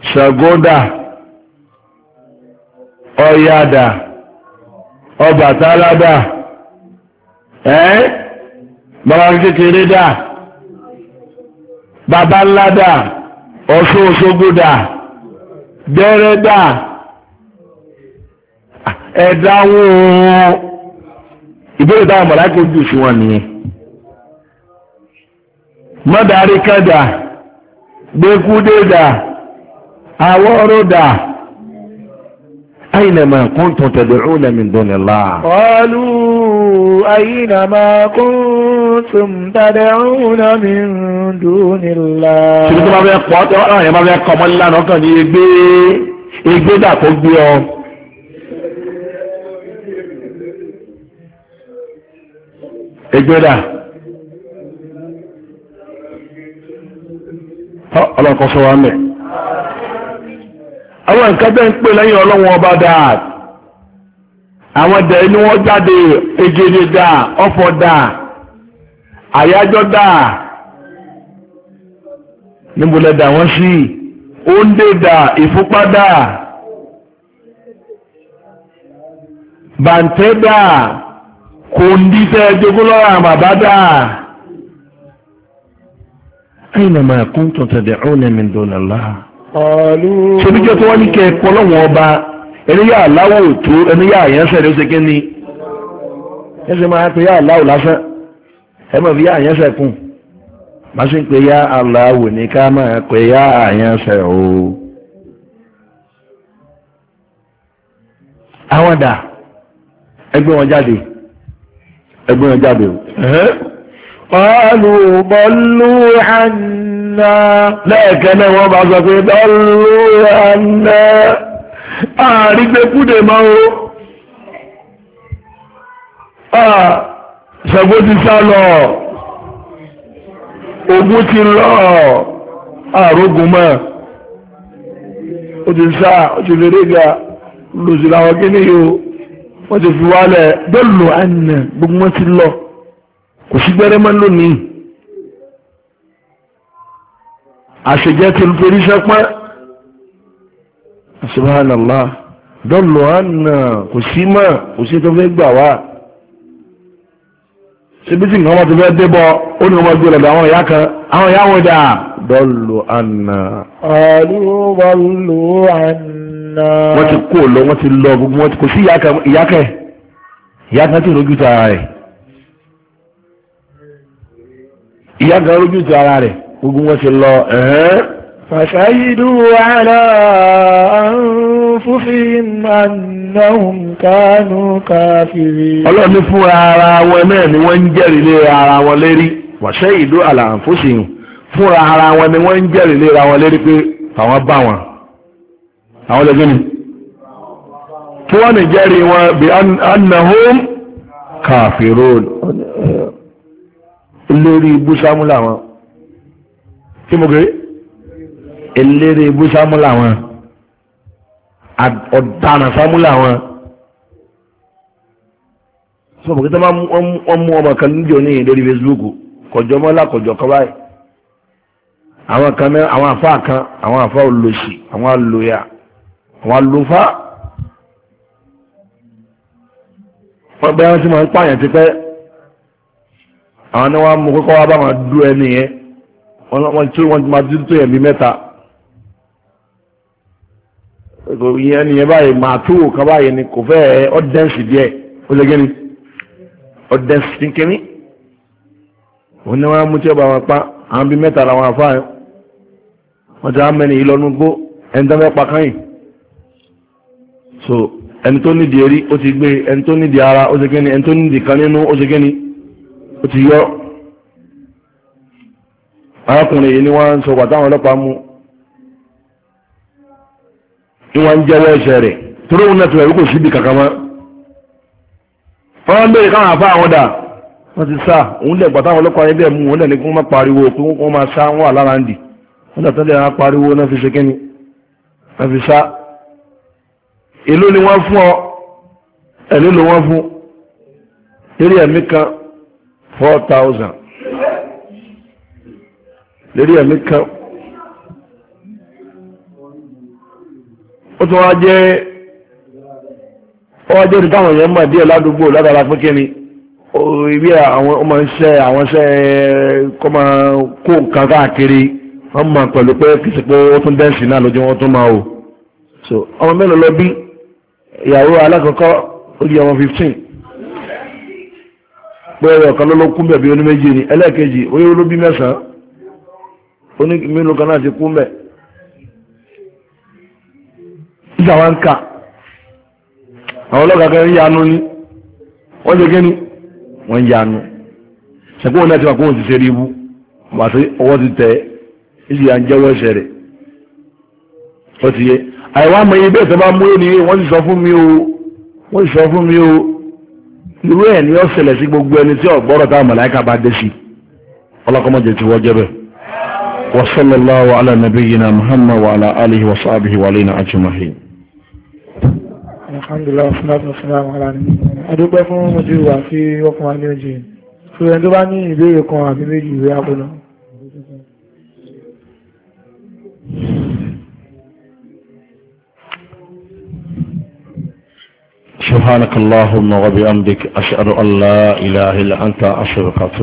shagoda ọyada ọbàtáládà ẹ́ bàbá kékeré dà bàbá ńlá dà ọ̀ṣun òṣogbo jù sí wọn nìyẹn mọ́dàrí kẹ́dà àwọ́rọ́dà أينما كنتم تدعون من دون الله قالوا أينما كنتم تدعون من ṣe tó bá fẹ́ pọ̀ tó ọ̀rọ̀ yẹn bá fẹ́ kọ́ ọ. Ha dà ọlọ́kọ̀ so wa mẹ́. àwọn nǹkan bẹ́ẹ̀ ń pè lẹ́yìn ọlọ́run ọba dáa àwọn dẹ̀ inú wọn jáde egere dáa ọ̀fọ̀ dáa àyájọ́ dáa níbo lẹ dà wọ́n sí oúnjẹ dáa ìfúnpá dáa bàǹtẹ́ dáa kò ń àmàbá dáa. أينما كنتم تدعون من دون الله ṣebí jẹ́ tí wọ́n ní kẹ́ ẹ̀kọ́ lọ́wọ́ ọba ẹni yà aláwọ̀ òtó ẹni yà àyànṣẹ́ ló ṣe kí ni ẹ ṣe máa pe yà aláwọ̀ lásán ẹ mọ̀ fi yà àyànṣẹ́ kùn má sì ń pe yà aláwọ̀ ní ká máa pe yà àyànṣẹ́ o. àwọn dà ẹgbẹ́ wọn jáde ẹgbẹ́ wọn jáde o. قالوا ضلوا عنا àná lẹ́ẹ̀kẹ́lẹ́ wọ́n bá sọ pé dọ́lú àná ààrin pé kúdè máa ó ṣẹ̀gbó ti sá lọ ogún ti lọ àrógùn mọ́ ó ti sá ó ti lè réga lòsìláwọ́ kí ní yóò wọ́n ti fi wálẹ̀ dọ́lù àná gbogbo wọn ti lọ kò sí gbẹ́rẹ́ lónìí àṣejẹ́ ti ń torí sẹ́pẹ́ subhanallah dọ́lù àná kò sí mọ́ kò sí tó fẹ́ gbà wá síbi tí nǹkan wọn ti fẹ́ débọ̀ ó ní wọn gbé lọ́dọ̀ àwọn ìyá kan àwọn ìyá wọn dà dọ́lù àná. wọ́n ti kó lọ wọ́n ti lọ gbogbo wọn kò sí ìyá kan ìyá kan ti rojú ti rẹ̀ ìyá kan rojú ti rẹ̀ gbogbo wọn ti lọ ẹ̀hẹ́n. fàṣàyídú àlà àǹfùfín ànáhùn kánú káfírí. ọlọ́ọ̀ni fún ara wọn náà ni wọ́n ń jẹ́rìí lé ara wọn lérí fàṣàyídú àlà àǹfùfín fúnra ara wọn ni wọ́n ń jẹ́rìí lé ara wọn lérí pé àwọn bá wọn àwọn lẹ́gbẹ́ ni tí wọ́n ni jẹ́rìí wọn bí annahum kafirun lórí ibú wọn tí mo gbé eléré ibú sámúlà wọn ọ̀daràn sámúlà wọn sọ pé tó máa wọ́n mú ọmọ kan níjọ ní lórí Facebook kọjọ mọ́lá kọjọ kan báyìí àwọn kan mẹ́rin àwọn àfa kan àwọn àfa olóṣì àwọn alóya àwọn alófa wọ́n bẹ́ẹ̀ wọ́n ti máa pààyàn ti pẹ́ àwọn ni wọ́n mú kókó wá bá wọn dú ẹni yẹn wọ́n tí wọ́n máa dídú tó yẹn bí mẹ́ta ìyẹn nìyẹn báyìí máa tó wò báyìí ni kò fẹ́ ọ́dẹ́ǹsì díẹ̀ ó lè gẹ́ni ọ́dẹ́ǹsì kínkínní òun ni wọ́n mú tí ó bá wọn pa àwọn bí mẹ́ta làwọn àfáà wọ́n ti á mẹ́ni yìí lọ́nu gbó ẹni tó fẹ́ pa káyìn so ẹni tó nídìí erí ó ti gbé ẹni tó nídìí ara ó ti gẹ́ni ẹni tó nídìí kan nínú ó ti gẹ́ni ó ti yọ arákùnrin yìí ni wọ́n ń sọ pàtó ọlọ́pàá mú ni wọ́n ń jẹ́wọ́ ẹ̀ṣẹ̀ rẹ̀ torí òun náà tó ẹ̀rú kò síbi kankan mọ́ wọ́n ń béèrè káwọn àfa àwọn dà wọ́n ti sá òun lẹ̀ ọlọ́pàá mú lẹ̀ ní kí wọ́n má pariwo wọ́n ni wọ́n fún ọ ni wọ́n fún four thousand. lérí ẹ̀mí kan ó tún wá jẹ́ ọwọ́ jẹ́ ìdí táwọn èèyàn mọ̀ díẹ̀ ládùúgbò látara pé kí ni ibi àwọn ọmọ iṣẹ́ àwọn iṣẹ́ kọ́ máa kó nǹkan káàkiri wọ́n mọ̀ pẹ̀lú pé kì í ṣe pé ó tún dẹ́sì náà lójú wọn tún máa o so ọmọ mélòó lọ bí ìyàwó alákọ̀ọ́kọ́ ó di ọmọ fifteen pé ọ̀kan ló ló kún bẹ̀bí oníméjì ni ẹlẹ́ẹ̀kejì ó yẹ ló bí mẹ́sàn-án onímìlú kan kana ti kú mẹ́ ìjàwá ń ka àwọn ọlọ́gà kan yanu ní wọ́n jẹ́ kí ni wọ́n yanu ṣẹ̀kú wọn náà ti wà kóhùn ti ṣe rí ibú àti ọwọ́ ti tẹ̀ ìjìyà ń ti yé àìwá mọ ní sọ fún mi o sọ fún mi o irú ni gbogbo tí ti وصلى الله على نبينا محمد وعلى آله وصحبه وعلينا أجمعين الحمد لله وصلاة والسلام على نبينا أدوبا فهم مجيوبا في وقم عني وجين في أندوبا ني بيكم سبحانك اللهم وبحمدك اشهد ان لا اله الا انت اشهد